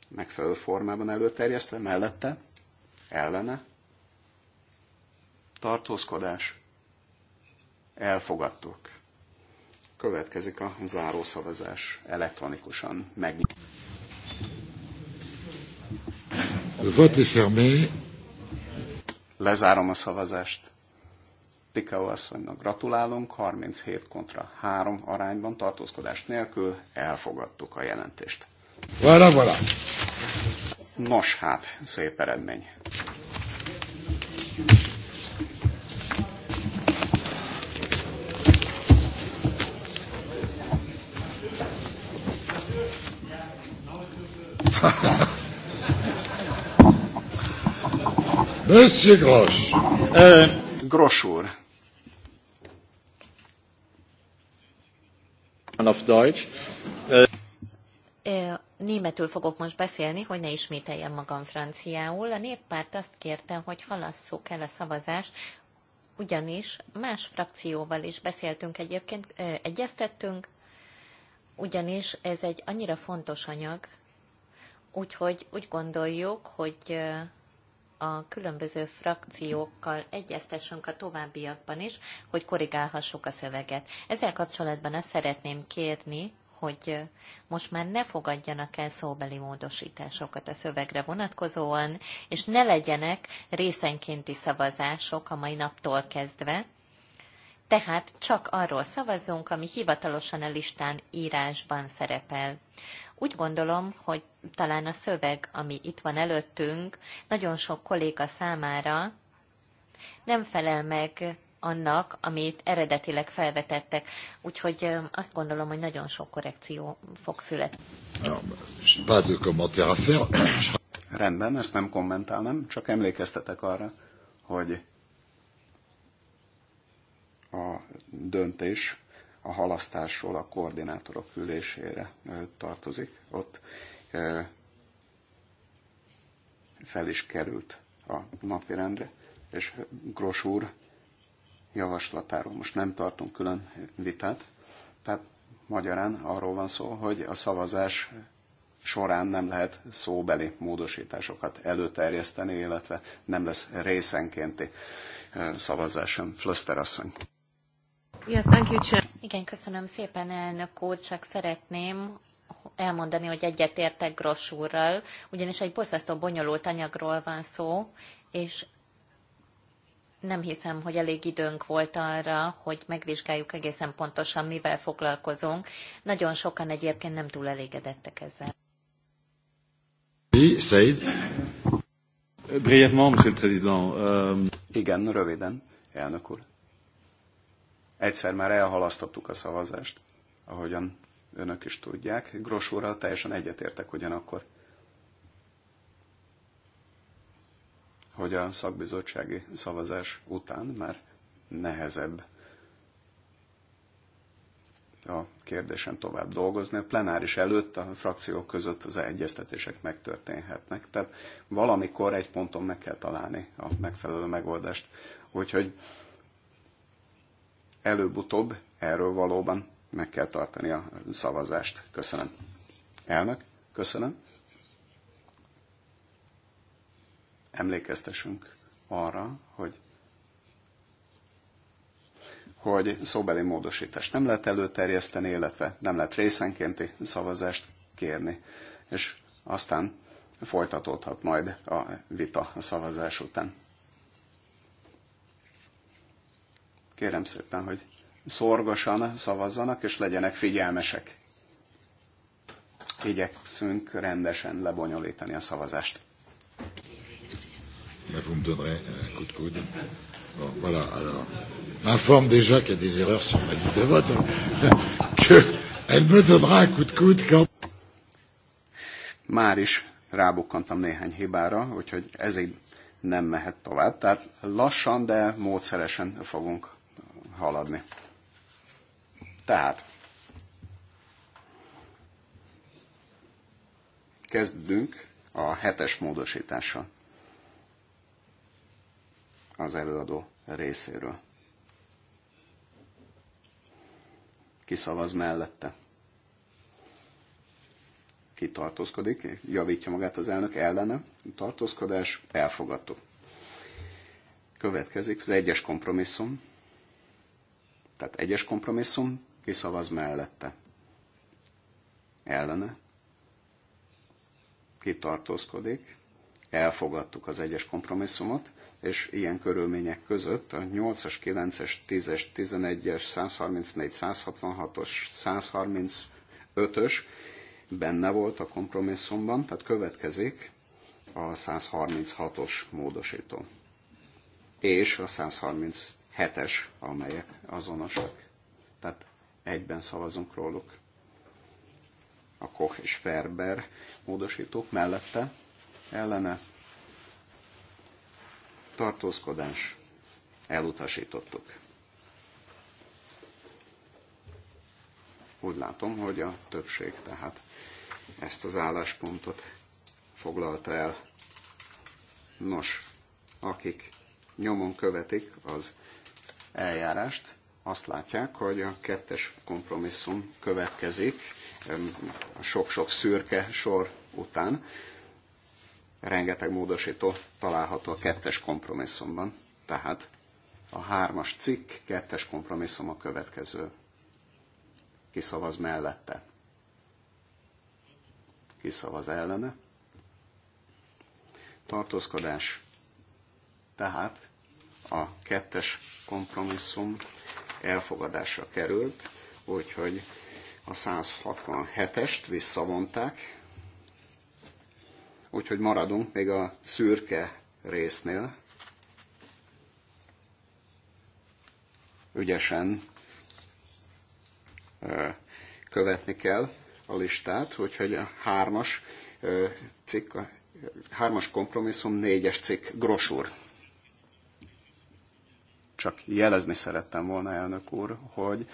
megfelelő formában előterjesztve, mellette, ellene, tartózkodás, elfogadtuk. Következik a zárószavazás elektronikusan. megnyitva. A vote est fermé. Lezárom a szavazást. Tikeo asszonynak gratulálunk, 37 kontra 3 arányban tartózkodást nélkül elfogadtuk a jelentést. Vala, vala. Nos hát, szép eredmény. Ha ha ha. Monsieur Grosch. úr. Németül fogok most beszélni, hogy ne ismételjem magam franciául. A néppárt azt kérte, hogy halasszuk el a szavazást, ugyanis más frakcióval is beszéltünk egyébként, egyeztettünk, ugyanis ez egy annyira fontos anyag, úgyhogy úgy gondoljuk, hogy a különböző frakciókkal egyeztessünk a továbbiakban is, hogy korrigálhassuk a szöveget. Ezzel kapcsolatban azt szeretném kérni, hogy most már ne fogadjanak el szóbeli módosításokat a szövegre vonatkozóan, és ne legyenek részenkénti szavazások a mai naptól kezdve, tehát csak arról szavazzunk, ami hivatalosan a listán írásban szerepel. Úgy gondolom, hogy talán a szöveg, ami itt van előttünk, nagyon sok kolléga számára nem felel meg annak, amit eredetileg felvetettek. Úgyhogy azt gondolom, hogy nagyon sok korrekció fog születni. Rendben, ezt nem kommentálnám, csak emlékeztetek arra, hogy a döntés a halasztásról a koordinátorok ülésére tartozik. Ott fel is került a napirendre, és Gros úr javaslatáról most nem tartunk külön vitát, tehát magyarán arról van szó, hogy a szavazás során nem lehet szóbeli módosításokat előterjeszteni, illetve nem lesz részenkénti szavazás sem. Flöster asszony. Yeah, thank you, Igen, köszönöm szépen, elnök úr, csak szeretném elmondani, hogy egyetértek Gross úrral, ugyanis egy borzasztó bonyolult anyagról van szó, és nem hiszem, hogy elég időnk volt arra, hogy megvizsgáljuk egészen pontosan, mivel foglalkozunk. Nagyon sokan egyébként nem túl elégedettek ezzel. Said. Brièvement, Monsieur le Président. Euh, Igen, röviden, elnök úr. Egyszer már elhalasztottuk a szavazást, ahogyan önök is tudják. Grosóra teljesen egyetértek ugyanakkor, hogy a szakbizottsági szavazás után már nehezebb a kérdésen tovább dolgozni. A plenáris előtt a frakciók között az egyeztetések megtörténhetnek. Tehát valamikor egy ponton meg kell találni a megfelelő megoldást. Úgyhogy előbb-utóbb erről valóban meg kell tartani a szavazást. Köszönöm. Elnök, köszönöm. Emlékeztessünk arra, hogy hogy szóbeli módosítást nem lehet előterjeszteni, illetve nem lehet részenkénti szavazást kérni. És aztán folytatódhat majd a vita a szavazás után. Kérem szépen, hogy szorgosan szavazzanak, és legyenek figyelmesek. Igyekszünk rendesen lebonyolítani a szavazást. Là, vous me donnerez un coup de coude. Bon, voilà, alors. M'informe déjà qu'il y a des erreurs sur ma liste de vote. elle me donnera un coup de coude quand... Már is rábukkantam néhány hibára, úgyhogy ez így nem mehet tovább. Tehát lassan, de módszeresen fogunk haladni. Tehát kezdünk a hetes módosítással az előadó részéről. Kiszavaz mellette. Ki tartózkodik, javítja magát az elnök ellene. Tartózkodás elfogadó. Következik az egyes kompromisszum. Tehát egyes kompromisszum ki szavaz mellette? Ellene? Ki tartózkodik? Elfogadtuk az egyes kompromisszumot, és ilyen körülmények között a 8-as, 9-es, 10-es, 11-es, 134, 166-os, 135-ös benne volt a kompromisszumban, tehát következik a 136-os módosító. És a 137-es, amelyek azonosak. Tehát egyben szavazunk róluk. A Koch és Ferber módosítók mellette ellene tartózkodás elutasítottuk. Úgy látom, hogy a többség tehát ezt az álláspontot foglalta el. Nos, akik nyomon követik az eljárást, azt látják, hogy a kettes kompromisszum következik a sok-sok szürke sor után. Rengeteg módosító található a kettes kompromisszumban, tehát a hármas cikk, kettes kompromisszum a következő. Kiszavaz mellette. Kiszavaz ellene. Tartózkodás. Tehát a kettes kompromisszum elfogadásra került, úgyhogy a 167-est visszavonták, úgyhogy maradunk még a szürke résznél. Ügyesen követni kell a listát, hogy a hármas, cikk, hármas kompromisszum, négyes cikk, grosúr. Csak jelezni szerettem volna, elnök úr, hogy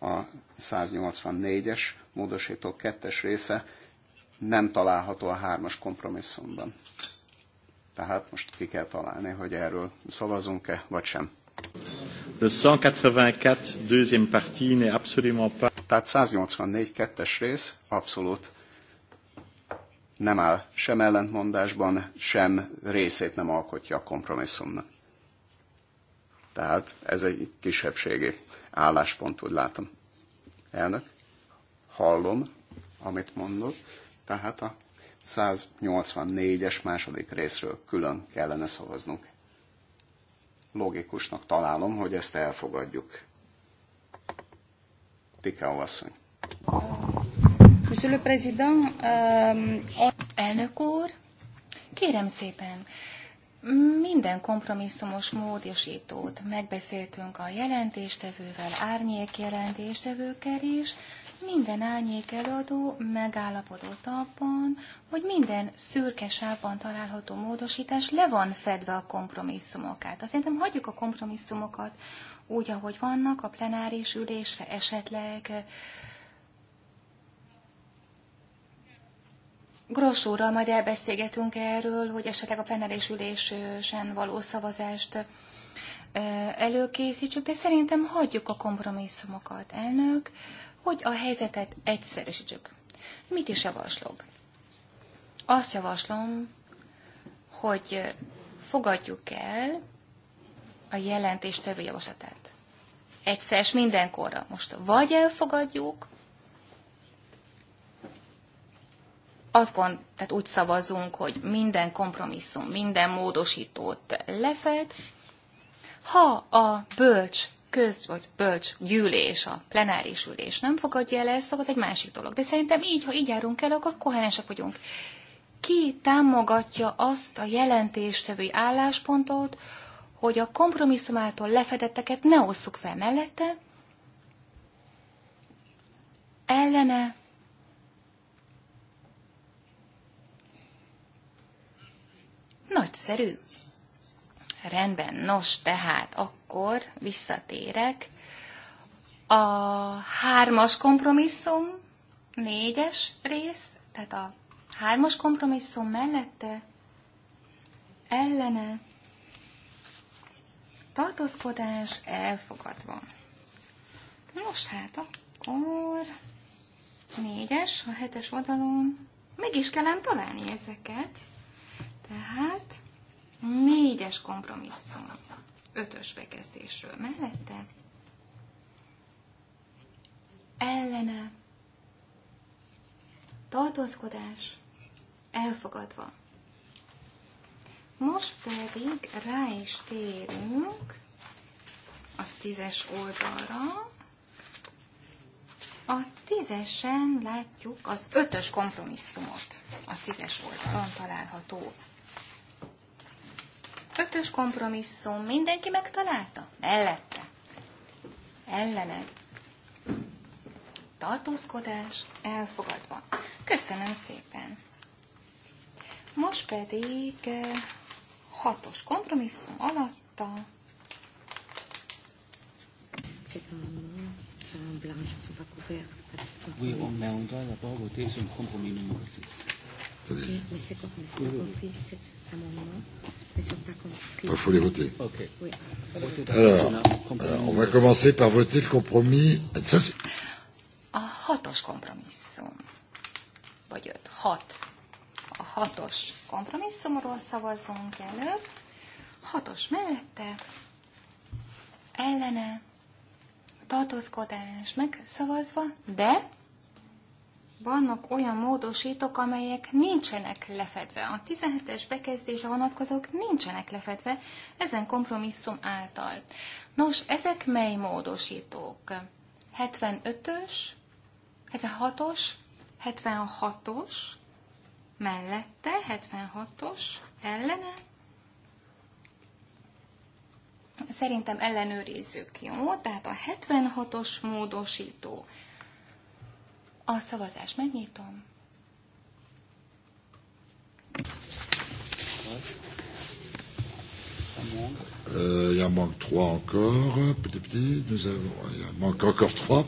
a 184-es módosító kettes része nem található a hármas kompromisszumban. Tehát most ki kell találni, hogy erről szavazunk-e, vagy sem. Le 184 deuxième partie n'est absolument pas... Tehát 184 kettes rész abszolút nem áll sem ellentmondásban, sem részét nem alkotja a kompromisszumnak. Tehát ez egy kisebbségi álláspont, úgy látom. Elnök, hallom, amit mondod, tehát a 184-es második részről külön kellene szavaznunk. Logikusnak találom, hogy ezt elfogadjuk. Tikao asszony. Monsieur le Président, um... elnök úr, kérem szépen, minden kompromisszumos módosítót megbeszéltünk a jelentéstevővel, árnyék jelentéstevőkkel is, minden árnyék előadó megállapodott abban, hogy minden szürke sávban található módosítás le van fedve a kompromisszumokat. Azt szerintem hagyjuk a kompromisszumokat úgy, ahogy vannak, a plenáris ülésre esetleg Gross úrral majd elbeszélgetünk erről, hogy esetleg a plenáris ülésen való szavazást előkészítsük, de szerintem hagyjuk a kompromisszumokat, elnök, hogy a helyzetet egyszerűsítsük. Mit is javaslok? Azt javaslom, hogy fogadjuk el a tevő javaslatát. Egyszer mindenkorra. Most vagy elfogadjuk, azt gond, tehát úgy szavazunk, hogy minden kompromisszum, minden módosítót lefed. Ha a bölcs köz vagy bölcs gyűlés, a plenáris ülés nem fogadja el ezt, az egy másik dolog. De szerintem így, ha így járunk el, akkor koherensek vagyunk. Ki támogatja azt a jelentéstevői álláspontot, hogy a kompromisszumától lefedetteket ne osszuk fel mellette, ellene Nagyszerű. Rendben, nos, tehát akkor visszatérek. A hármas kompromisszum, négyes rész, tehát a hármas kompromisszum mellette ellene tartózkodás elfogadva. Nos, hát akkor négyes, a hetes oldalon meg is kellem találni ezeket. Tehát négyes kompromisszum, ötös bekezdésről mellette, ellene, tartózkodás, elfogadva. Most pedig rá is térünk a tízes oldalra. A tízesen látjuk az ötös kompromisszumot. A tízes oldalon található. Ötös kompromisszum. Mindenki megtalálta? Mellette. Ellene. Tartózkodás elfogadva. Köszönöm szépen. Most pedig eh, hatos kompromisszum alatta. Oui, on, mais on doit d'abord voter sur le compromis numéro 6. Il faut les voter. Okay. Alors, alors, on va commencer par voter le compromis. Ça, c'est... A hatos kompromisszum. Vagy öt. Hat. A hatos kompromisszumról szavazzunk elő. Hatos mellette. Ellene. Tartózkodás megszavazva, de vannak olyan módosítók, amelyek nincsenek lefedve. A 17-es bekezdésre vonatkozók nincsenek lefedve ezen kompromisszum által. Nos, ezek mely módosítók? 75-ös, 76-os, 76-os, mellette 76-os, ellene. Szerintem ellenőrizzük, jó? Tehát a 76-os módosító a szavazás megnyitom. Euh, il y en manque trois encore, petit petit. Nous avons, il en manque encore trois.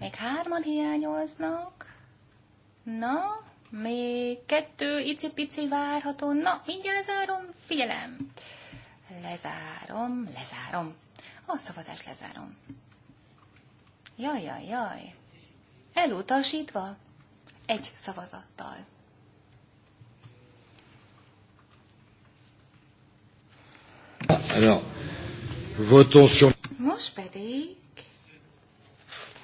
Még hárman hiányoznak. Na, még kettő icipici várható. Na, mindjárt zárom. Figyelem. Lezárom, lezárom. A szavazást lezárom. Jaj, jaj, jaj. Elutasítva egy szavazattal. Most pedig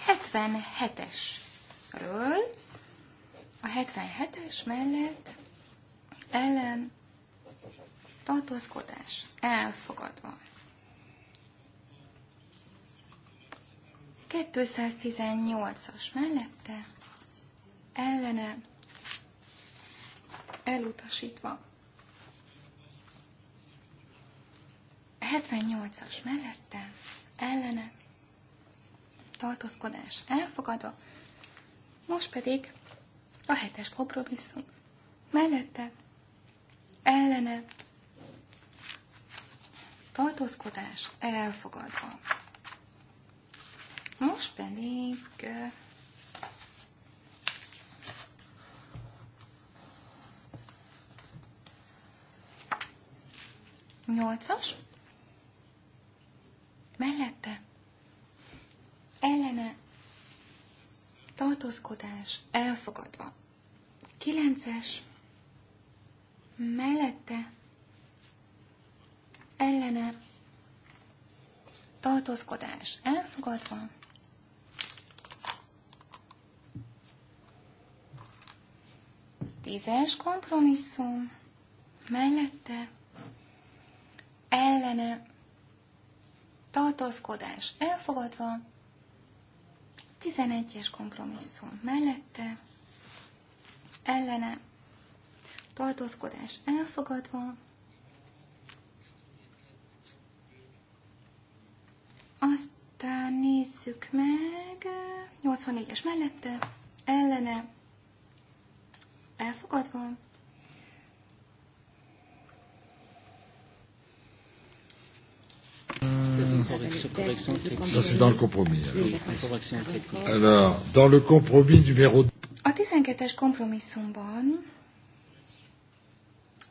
77-esről, a 77-es mellett ellen tartózkodás elfogadva. 218-as mellette ellene elutasítva. 78-as mellette ellene tartózkodás elfogadva, most pedig a hetes kompromisszum mellette ellene tartózkodás elfogadva. Most pedig nyolcas, mellette ellene tartózkodás elfogadva. Kilences, mellette ellene tartózkodás elfogadva. Tízes kompromisszum. Mellette ellene tartózkodás elfogadva. Tizenegyes kompromisszum. Mellette ellene tartózkodás elfogadva. Aztán nézzük meg 84-es mellette ellene Elfogadva. Ça, dans le compromis. Alors. alors, dans le compromis numéro... A 12-es kompromisszumban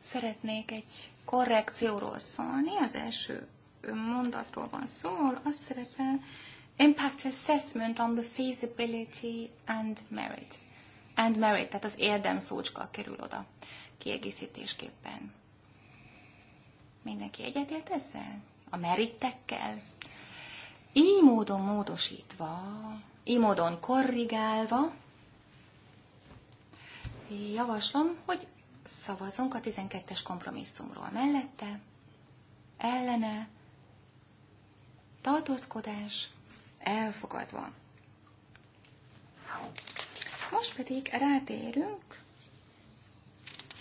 szeretnék egy korrekcióról szólni. Az első mondatról van szó, az szerepel Impact Assessment on the Feasibility and Merit and merit, tehát az érdem szócska kerül oda kiegészítésképpen. Mindenki egyetért ezzel? A merittekkel? Így módon módosítva, így módon korrigálva, javaslom, hogy szavazzunk a 12-es kompromisszumról mellette, ellene, tartózkodás, elfogadva. Most pedig rátérünk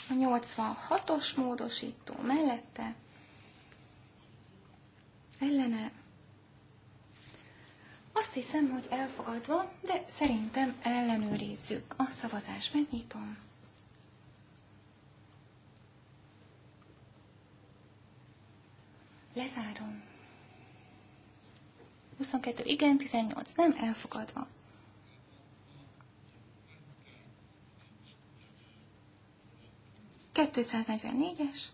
a 86-os módosító mellette ellene. Azt hiszem, hogy elfogadva, de szerintem ellenőrizzük. A szavazás megnyitom. Lezárom. 22 igen, 18 nem elfogadva. 244-es.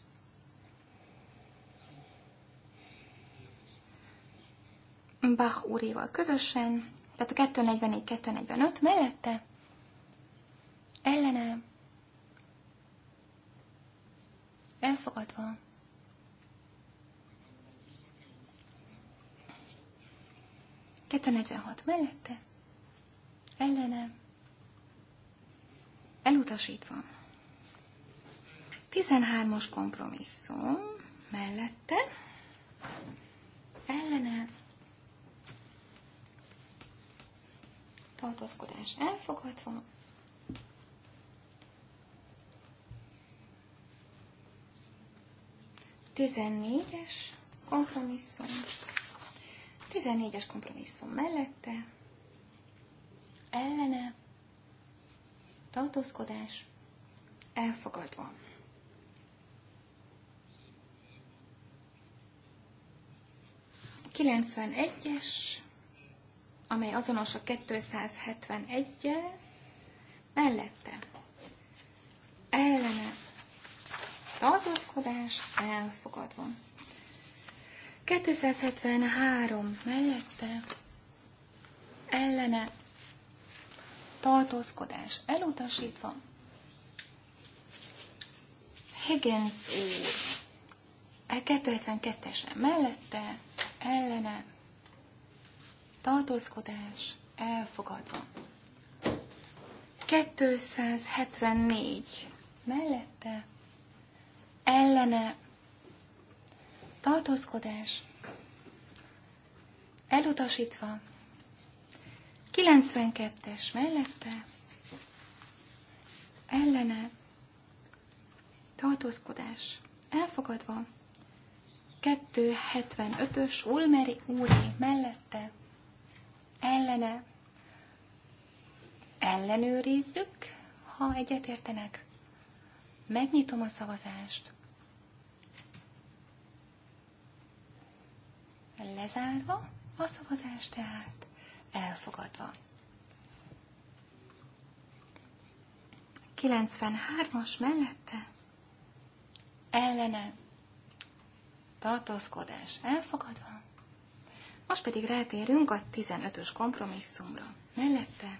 Bach úréval közösen, tehát a 244-245 mellette, ellene, elfogadva, hat mellette, Ellenem. elutasítva. 13-as kompromisszum mellette ellene tartózkodás elfogadva, tizennégyes kompromisszum, tizennégyes kompromisszum mellette, ellene, tartózkodás, elfogadva. 91-es, amely azonos a 271 el mellette ellene tartózkodás elfogadva. 273 mellette ellene tartózkodás elutasítva. Higgins úr 272-esen e mellette ellene, tartózkodás elfogadva. 274 mellette, ellene, tartózkodás elutasítva. 92-es mellette, ellene, tartózkodás elfogadva. 275-ös Ulmeri úré mellette ellene ellenőrizzük, ha egyetértenek. Megnyitom a szavazást. Lezárva a szavazást tehát elfogadva. 93-as mellette ellene tartózkodás elfogadva. Most pedig rátérünk a 15-ös kompromisszumra. Mellette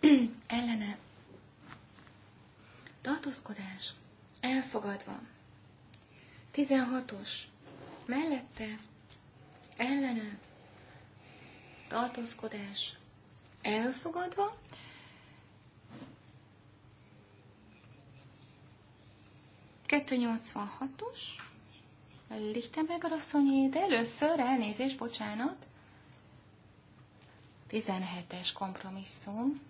ellene tartózkodás elfogadva. 16-os mellette ellene tartózkodás elfogadva. Kettő hatos. Lichtenberger asszonyé, de először elnézést, bocsánat. 17-es kompromisszum.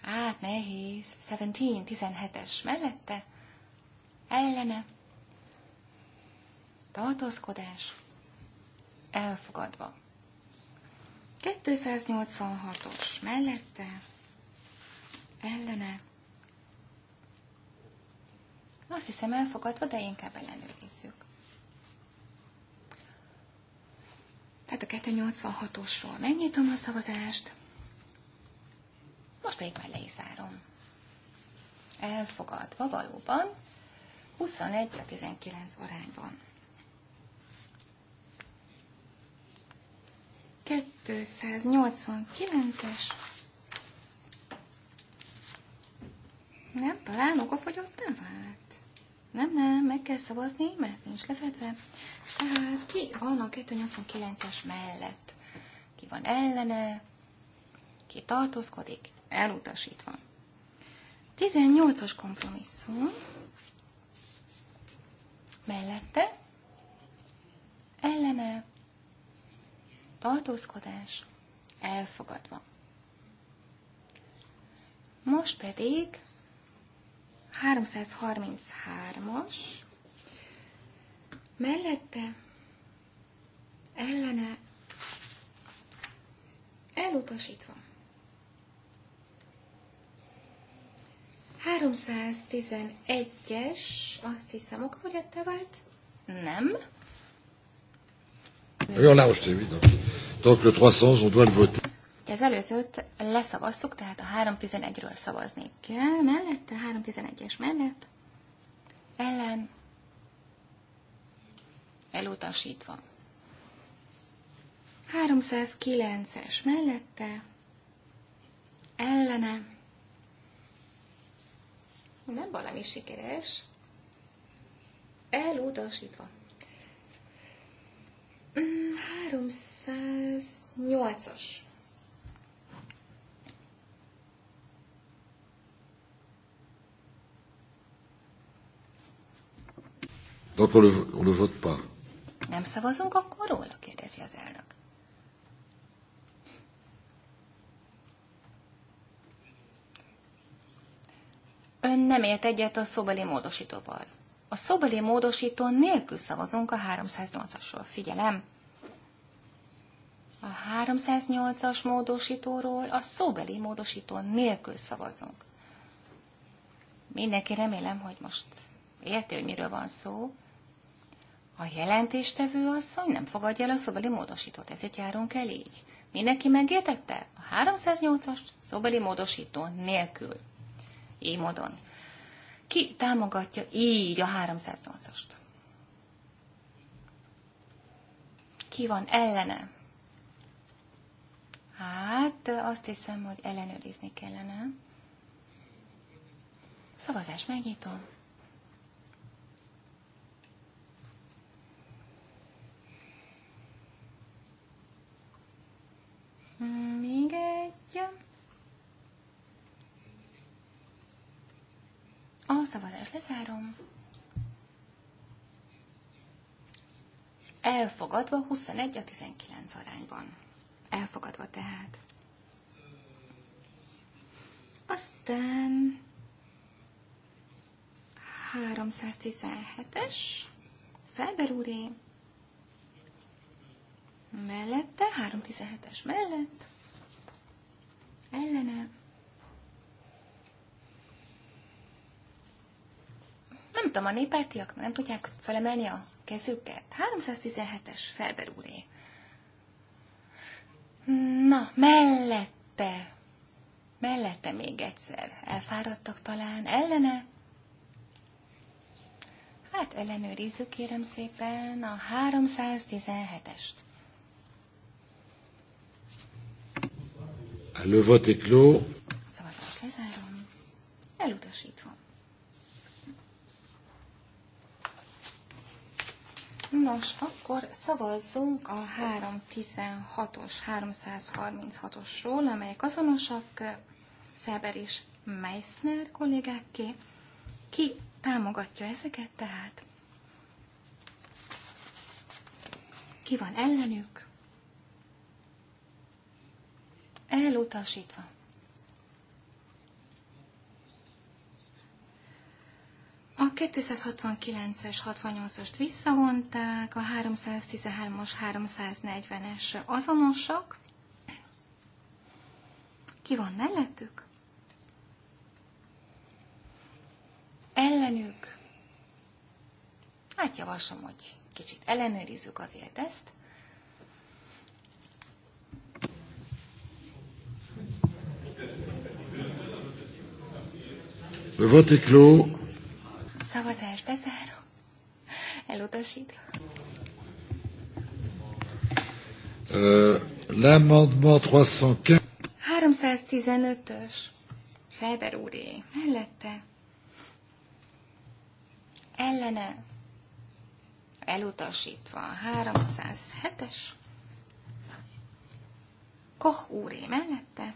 Át nehéz. 17, 17-es mellette. Ellene. Tartózkodás. Elfogadva. 286-os mellette. Ellene. Azt hiszem elfogadva, de inkább ellenőrizzük. Tehát a 286-osról megnyitom a szavazást, most pedig már le is zárom. Elfogadva valóban 21 a 19 arányban. 289-es. Nem, talán okafogyott nem vált. Nem, nem, meg kell szavazni, mert nincs lefedve. Tehát ki van a 289-es mellett? Ki van ellene? Ki tartózkodik? Elutasítva. 18-as kompromisszum. Mellette ellene tartózkodás elfogadva. Most pedig 333-as, mellette ellene elutasítva. 311-es, azt hiszem, okafogyatta vált? Nem. Oui, on l'a rejeté, oui. Donc, donc le 300, on doit le voter. Az előzőt leszavaztuk, tehát a 3.11-ről szavazni kell, mellette, 3.11-es mellett, ellen, elutasítva. 309-es mellette, ellene, nem valami sikeres, elutasítva. 308-as mm, Nem szavazunk akkor róla, kérdezi az elnök. Ön nem ért egyet a szobeli módosítóval. A szobeli módosító nélkül szavazunk a 308-asról. Figyelem! A 308-as módosítóról a szóbeli módosító nélkül szavazunk. Mindenki remélem, hogy most érti, hogy miről van szó, a jelentéstevő asszony nem fogadja el a szobeli módosítót, ezért járunk el így. Mindenki megértette? A 308-as szobeli módosító nélkül. Így módon. Ki támogatja így a 308-ast? Ki van ellene? Hát, azt hiszem, hogy ellenőrizni kellene. Szavazás megnyitom. Még egy. A szavazást lezárom. Elfogadva 21 a 19 arányban. Elfogadva tehát. Aztán 317-es Felber mellette, 317-es mellett, ellene. Nem tudom, a népátiak nem tudják felemelni a kezüket. 317-es felberúré. Na, mellette. Mellette még egyszer. Elfáradtak talán. Ellene? Hát ellenőrizzük, kérem szépen, a 317-est. Le vote est clos. Szavazást lezárom. Elutasítva. Nos, akkor szavazzunk a 316-os, 336-osról, amelyek azonosak Feber és Meissner kollégákké. Ki támogatja ezeket tehát? Ki van ellenük? Elutasítva. A 269-es, 68-ost visszavonták, a 313-as, 340-es azonosak. Ki van mellettük? Ellenük. Hát javaslom, hogy kicsit ellenőrizzük azért ezt. Le vote est clos. Szavazás bezáró. Elutasít. Euh, l'amendement 315. 315-ös. Felber úré. Mellette. Ellene. Elutasítva. 307-es. Koch úré mellette.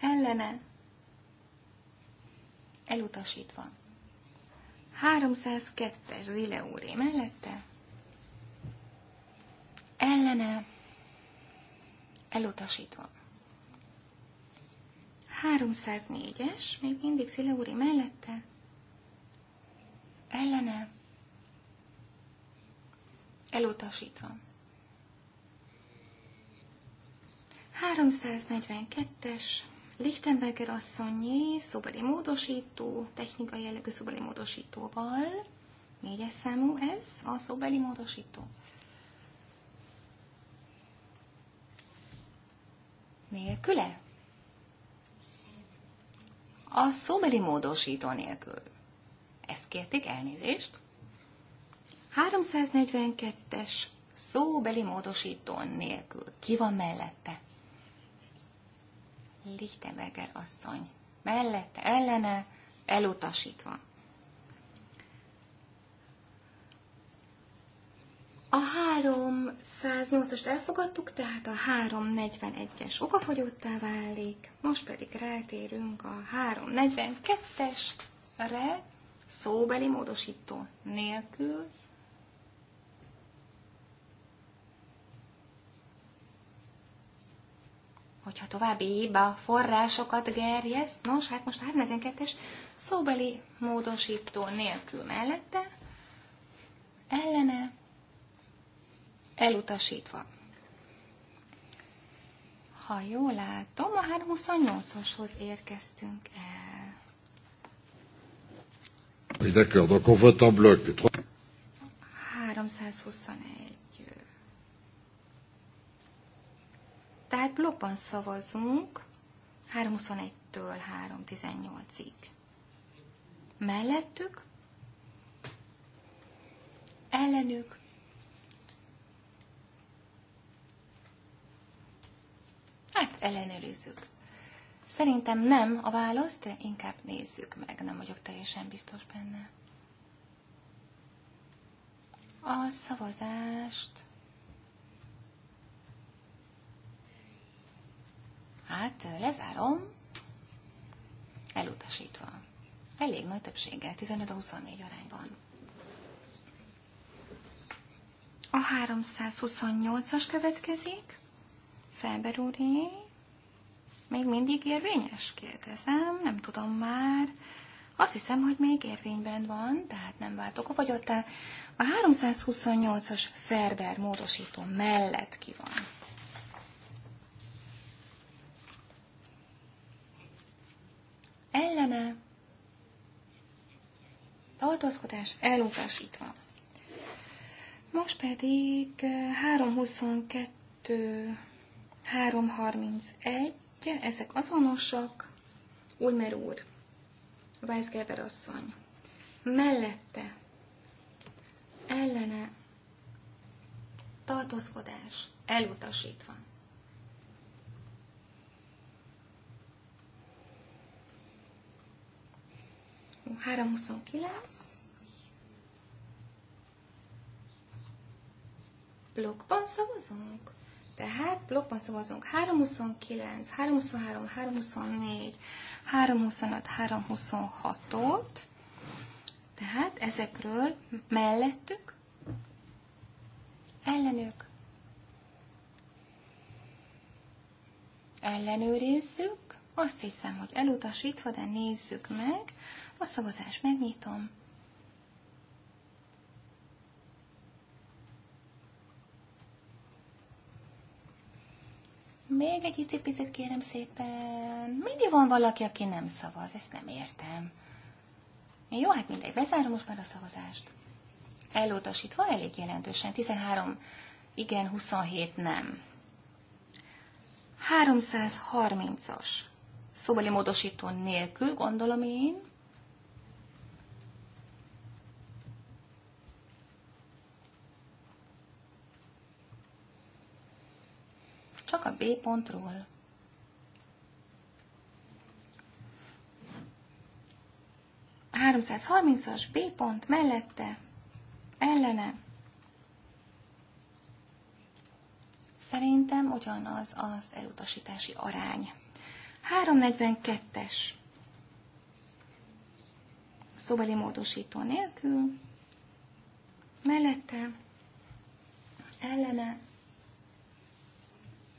Ellene elutasítva. 302-es Zile úré mellette, ellene, elutasítva. 304-es, még mindig Zile úré mellette, ellene, elutasítva. 342-es Lichtenberger asszonyi szobeli módosító, technikai jellegű szobeli módosítóval, négyes számú ez, a szobeli módosító. Nélküle? A szóbeli módosító nélkül. Ezt kérték elnézést? 342-es szóbeli módosító nélkül. Ki van mellette? Lichtenberger asszony mellette, ellene, elutasítva. A 308-ast elfogadtuk, tehát a 341-es okafogyottá válik, most pedig rátérünk a 342-esre szóbeli módosító nélkül, hogyha további hiba forrásokat gerjeszt, nos, hát most a 342-es szóbeli módosító nélkül mellette, ellene, elutasítva. Ha jól látom, a 328-oshoz érkeztünk el. D'accord, donc on vote en bloc. 321. Tehát blokkban szavazunk 3.21-től 3.18-ig. Mellettük, ellenük, hát ellenőrizzük. Szerintem nem a válasz, de inkább nézzük meg, nem vagyok teljesen biztos benne. A szavazást Hát lezárom, elutasítva. Elég nagy többséggel, 15 24 arányban. A 328-as következik. Felber Még mindig érvényes? Kérdezem, nem tudom már. Azt hiszem, hogy még érvényben van, tehát nem váltok vagy ott A 328-as Ferber módosító mellett ki van. ellene tartózkodás elutasítva. Most pedig 322, eh, 331, ezek azonosak, mert úr, Weisgeber asszony, mellette, ellene, tartózkodás elutasítva. 329. Blokkban szavazunk? Tehát blokkban szavazunk 329, 323, 324, 325, 326-ot. Tehát ezekről mellettük ellenük ellenőrizzük. Azt hiszem, hogy elutasítva, de nézzük meg. A szavazást megnyitom. Még egy icipicit kérem szépen. Mindig van valaki, aki nem szavaz, ezt nem értem. Jó, hát mindegy, bezárom most már a szavazást. Elutasítva elég jelentősen, 13 igen, 27 nem. 330-as szóbeli módosító nélkül, gondolom én, csak a B pontról. A 330-as B pont mellette, ellene. Szerintem ugyanaz az elutasítási arány. 342-es szóbeli módosító nélkül, mellette, ellene,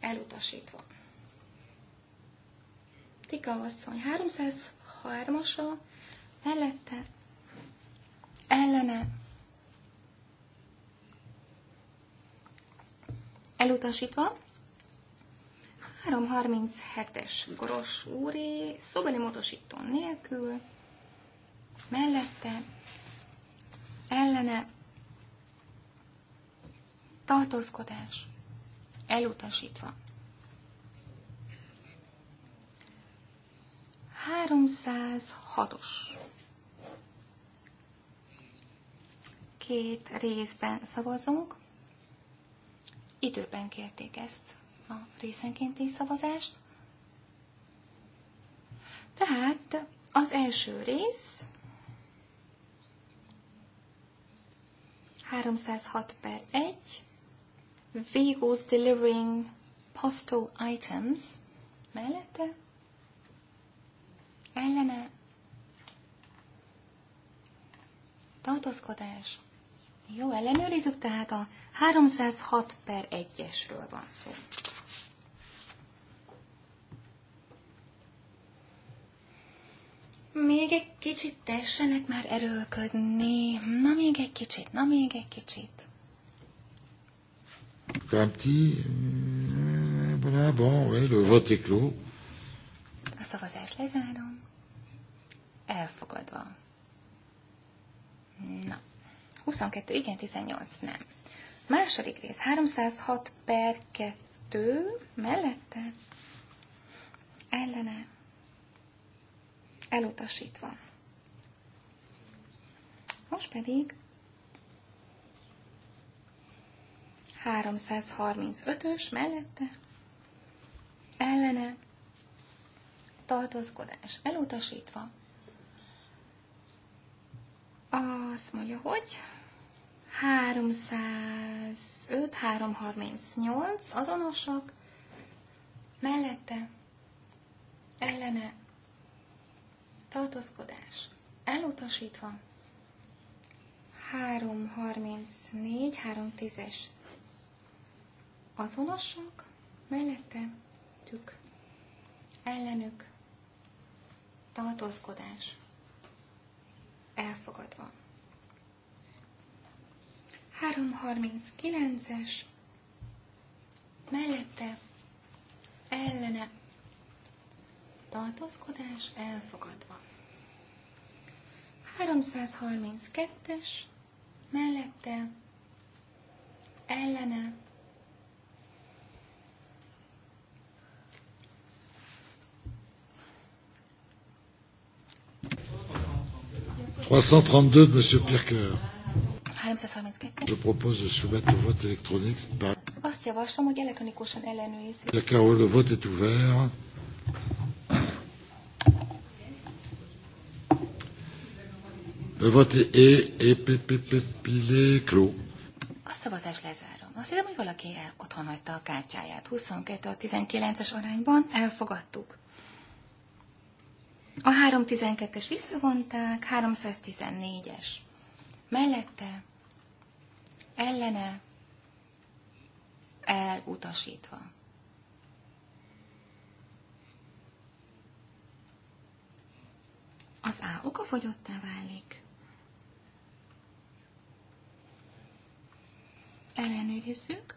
elutasítva. Tika asszony 303-asa, mellette, ellene, elutasítva, 337-es Goros úré, szobani módosító nélkül, mellette, ellene, tartózkodás, elutasítva. 306-os. Két részben szavazunk. Időben kérték ezt a részenkénti szavazást. Tehát az első rész 306 per 1 vehicles delivering postal items mellette ellene tartózkodás. Jó, ellenőrizzük, tehát a 306 per 1-esről van szó. Még egy kicsit tessenek már erőlködni. Na még egy kicsit, na még egy kicsit. Un petit... Euh, voilà, bon, oui, le vote est clos. A szavazás lezárom. Elfogadva. Na. 22 igen, 18 nem. Második rész, 306 per 2, mellette, ellene, elutasítva. Most pedig 335-ös mellette ellene tartózkodás elutasítva. Azt mondja, hogy 305-338 azonosak, mellette ellene tartózkodás elutasítva. 334-310-es azonosak, mellette tük, ellenük, tartózkodás, elfogadva. 339-es, mellette, ellene, tartózkodás, elfogadva. 332-es, mellette, ellene, 332 de M. Pirker. Je propose de soumettre au vote électronique. Azt javaslom, hogy elektronikusan ellenőrizzük. Pirker, le vote est ouvert. Le vote est, est, est, est, est, est clos. A szavazás lezárom. Azt hiszem, hogy valaki el, otthon hagyta a kártyáját. 22 a 19-es arányban elfogadtuk. A 312-es visszavonták, 314-es. Mellette, ellene, elutasítva. Az A okafogyottá válik. Ellenőrizzük.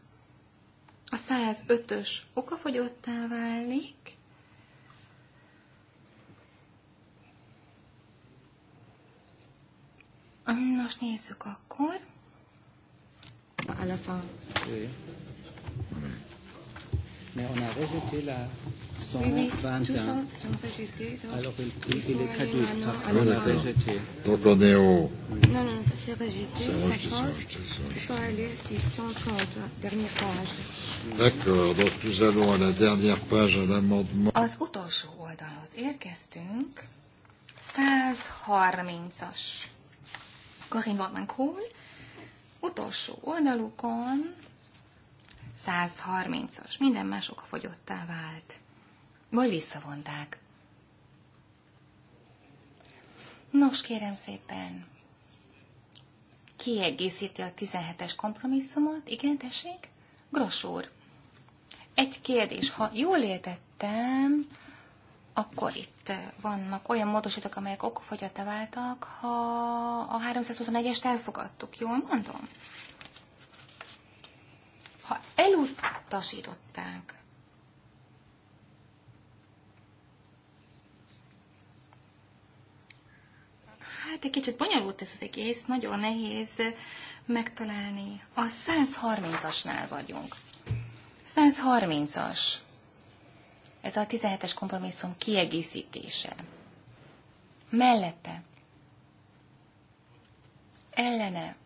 A 105-ös okafogyottá válik. Nos, nézzük akkor. À la fin. Oui. Mais on a rejeté la 121. Alors il, il est caduc parce qu'on a rejeté. Donc on est au. Non, non, ça c'est rejeté. Ça change. Il faut aller sur 130, dernière page. D'accord, donc nous allons à la dernière page à l'amendement. Az utolsó oldalhoz érkeztünk. 130-as Karin Valman Kohl, utolsó oldalukon 130-as, minden más fogyottá vált. Vagy visszavonták. Nos, kérem szépen, kiegészíti a 17-es kompromisszumot, igen, tessék? Grosúr. úr. Egy kérdés, ha jól értettem, akkor itt eh, vannak olyan módosítók, amelyek okofogyatta váltak, ha a 321-est elfogadtuk. Jól mondom? Ha elutasították, Hát egy kicsit bonyolult ez az egész, nagyon nehéz eh, megtalálni. A 130-asnál vagyunk. 130-as. Ez a 17-es kompromisszum kiegészítése. Mellette. Ellene.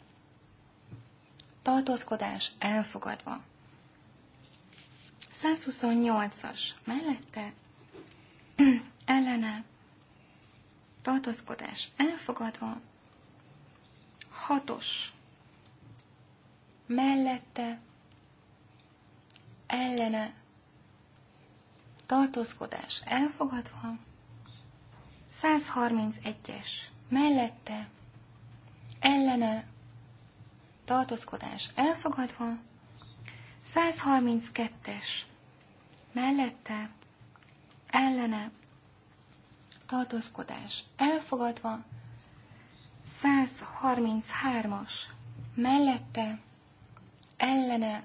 Tartózkodás elfogadva. 128-as. Mellette. Ellene. Tartózkodás elfogadva. 6-os. Mellette. Ellene tartózkodás elfogadva, 131-es mellette, ellene, tartózkodás elfogadva, 132-es mellette, ellene, tartózkodás elfogadva, 133-as mellette, ellene,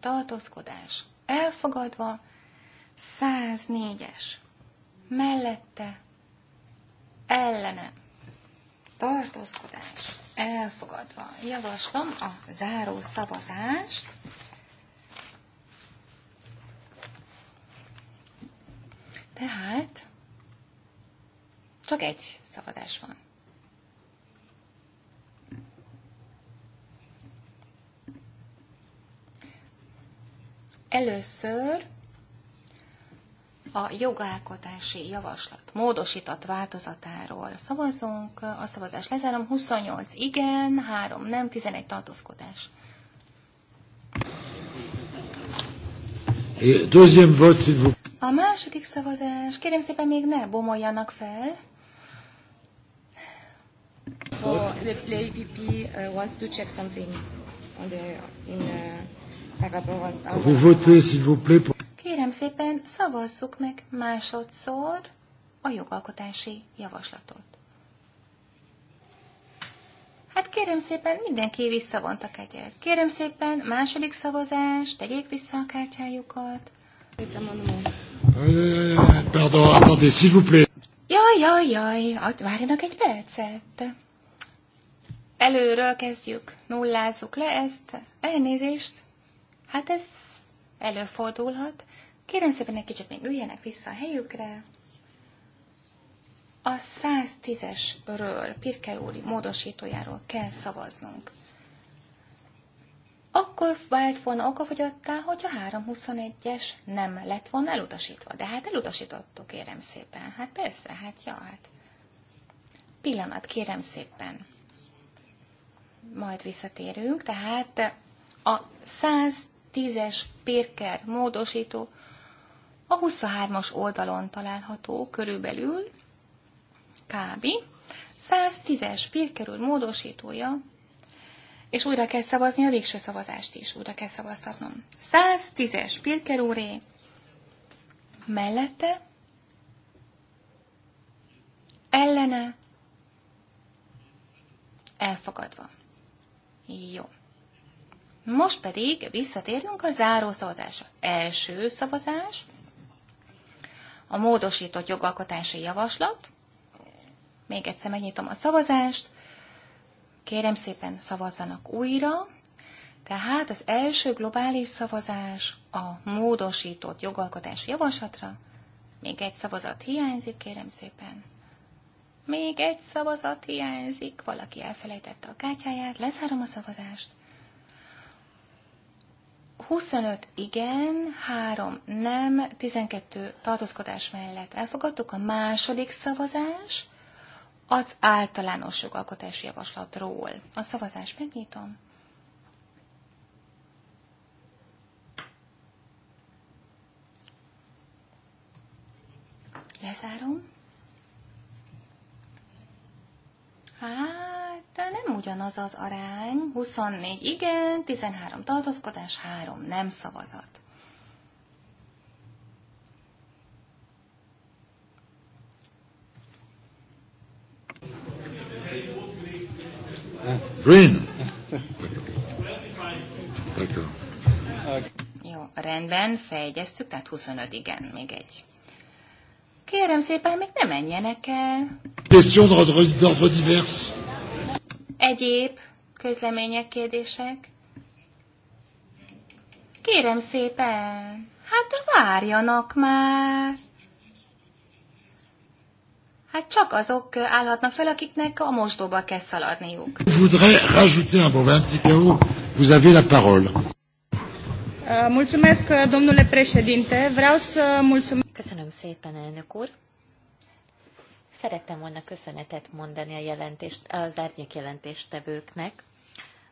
tartózkodás elfogadva, 104-es. Mellette, ellene, tartózkodás, elfogadva. Javaslom a záró szavazást. Tehát csak egy szavazás van. Először a jogalkotási javaslat módosított változatáról szavazunk. A szavazás lezárom. 28 igen, 3 nem, 11 tartózkodás. A második szavazás, kérem szépen még ne bomoljanak fel. For oh, the APP uh, wants to check something on the, in, uh, Vous votez, s'il vous plaît, pour... Kérem szépen, szavazzuk meg másodszor a jogalkotási javaslatot. Hát kérem szépen, mindenki a kegyet. Kérem szépen, második szavazás, tegyék vissza a kártyájukat. Euh, jaj, jaj, jaj, várjanak egy percet. Előről kezdjük, nullázzuk le ezt, elnézést. Hát ez előfordulhat. Kérem szépen egy kicsit még üljenek vissza a helyükre. A 110-esről, Pirker módosítójáról kell szavaznunk. Akkor vált volna okafogyattá, hogy a 321-es nem lett volna elutasítva. De hát elutasítottuk, kérem szépen. Hát persze, hát ja, hát. Pillanat, kérem szépen. Majd visszatérünk, tehát a 110-es Pirker módosító a 23-as oldalon található körülbelül kb. 110-es pirkerül módosítója, és újra kell szavazni a végső szavazást is, újra kell szavaztatnom. 110-es Pirkerúré mellette, ellene, elfogadva. Jó. Most pedig visszatérünk a záró szavazásra. Első szavazás, a módosított jogalkotási javaslat. Még egyszer megnyitom a szavazást. Kérem szépen szavazzanak újra. Tehát az első globális szavazás a módosított jogalkotási javaslatra. Még egy szavazat hiányzik, kérem szépen. Még egy szavazat hiányzik, valaki elfelejtette a kártyáját, lezárom a szavazást. 25 igen, 3 nem, 12 tartózkodás mellett elfogadtuk. A második szavazás az általános jogalkotási javaslatról. A szavazást megnyitom. Lezárom. Hát, de nem ugyanaz az arány. 24 igen, 13 tartózkodás, 3 nem szavazat. Green. Jó, rendben, fejegyeztük, tehát 25 igen, még egy. Kérem szépen, még ne menjenek el. Question d'ordre divers. Egyéb közlemények, kérdések. Kérem szépen, hát várjanak már. Hát csak azok állhatnak fel, akiknek a mosdóba kell szaladniuk. Vous avez la parole. Uh, mulțumesc, uh, domnule președinte. Vreau să mulțumesc... Köszönöm szépen, elnök úr. Szerettem volna köszönetet mondani a jelentést, az árnyék jelentéstevőknek,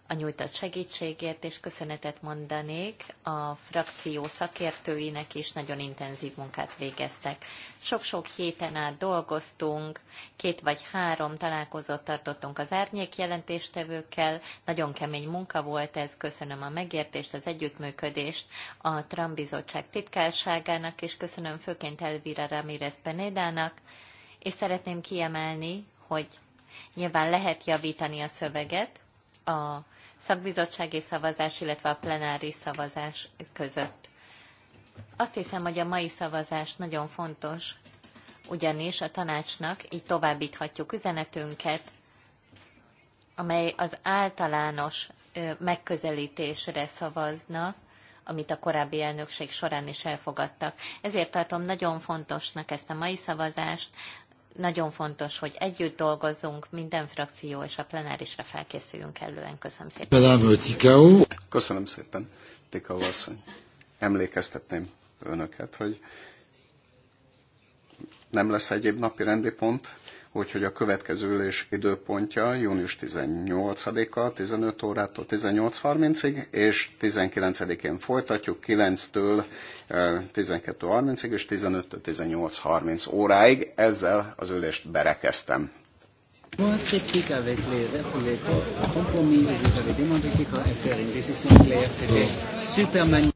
a nyújtott segítségért, és köszönetet mondanék a frakció szakértőinek is, nagyon intenzív munkát végeztek. Sok-sok héten át dolgoztunk, két vagy három találkozót tartottunk az árnyék jelentéstevőkkel, nagyon kemény munka volt ez, köszönöm a megértést, az együttműködést a Trump bizottság titkárságának, és köszönöm főként Elvira Ramirez Penédának, és szeretném kiemelni, hogy nyilván lehet javítani a szöveget, a szakbizottsági szavazás, illetve a plenáris szavazás között. Azt hiszem, hogy a mai szavazás nagyon fontos, ugyanis a tanácsnak így továbbíthatjuk üzenetünket, amely az általános megközelítésre szavazna, amit a korábbi elnökség során is elfogadtak. Ezért tartom nagyon fontosnak ezt a mai szavazást, nagyon fontos, hogy együtt dolgozzunk, minden frakció és a plenárisra felkészüljünk elően. Köszönöm szépen. Köszönöm szépen, Tikau asszony. Emlékeztetném önöket, hogy nem lesz egyéb napi rendi pont, úgyhogy a következő ülés időpontja június 18-a 15 órától 18.30-ig, és 19-én folytatjuk 9-től 12.30-ig, eh, és 15-től 18.30 óráig. Ezzel az ülést berekeztem. Moins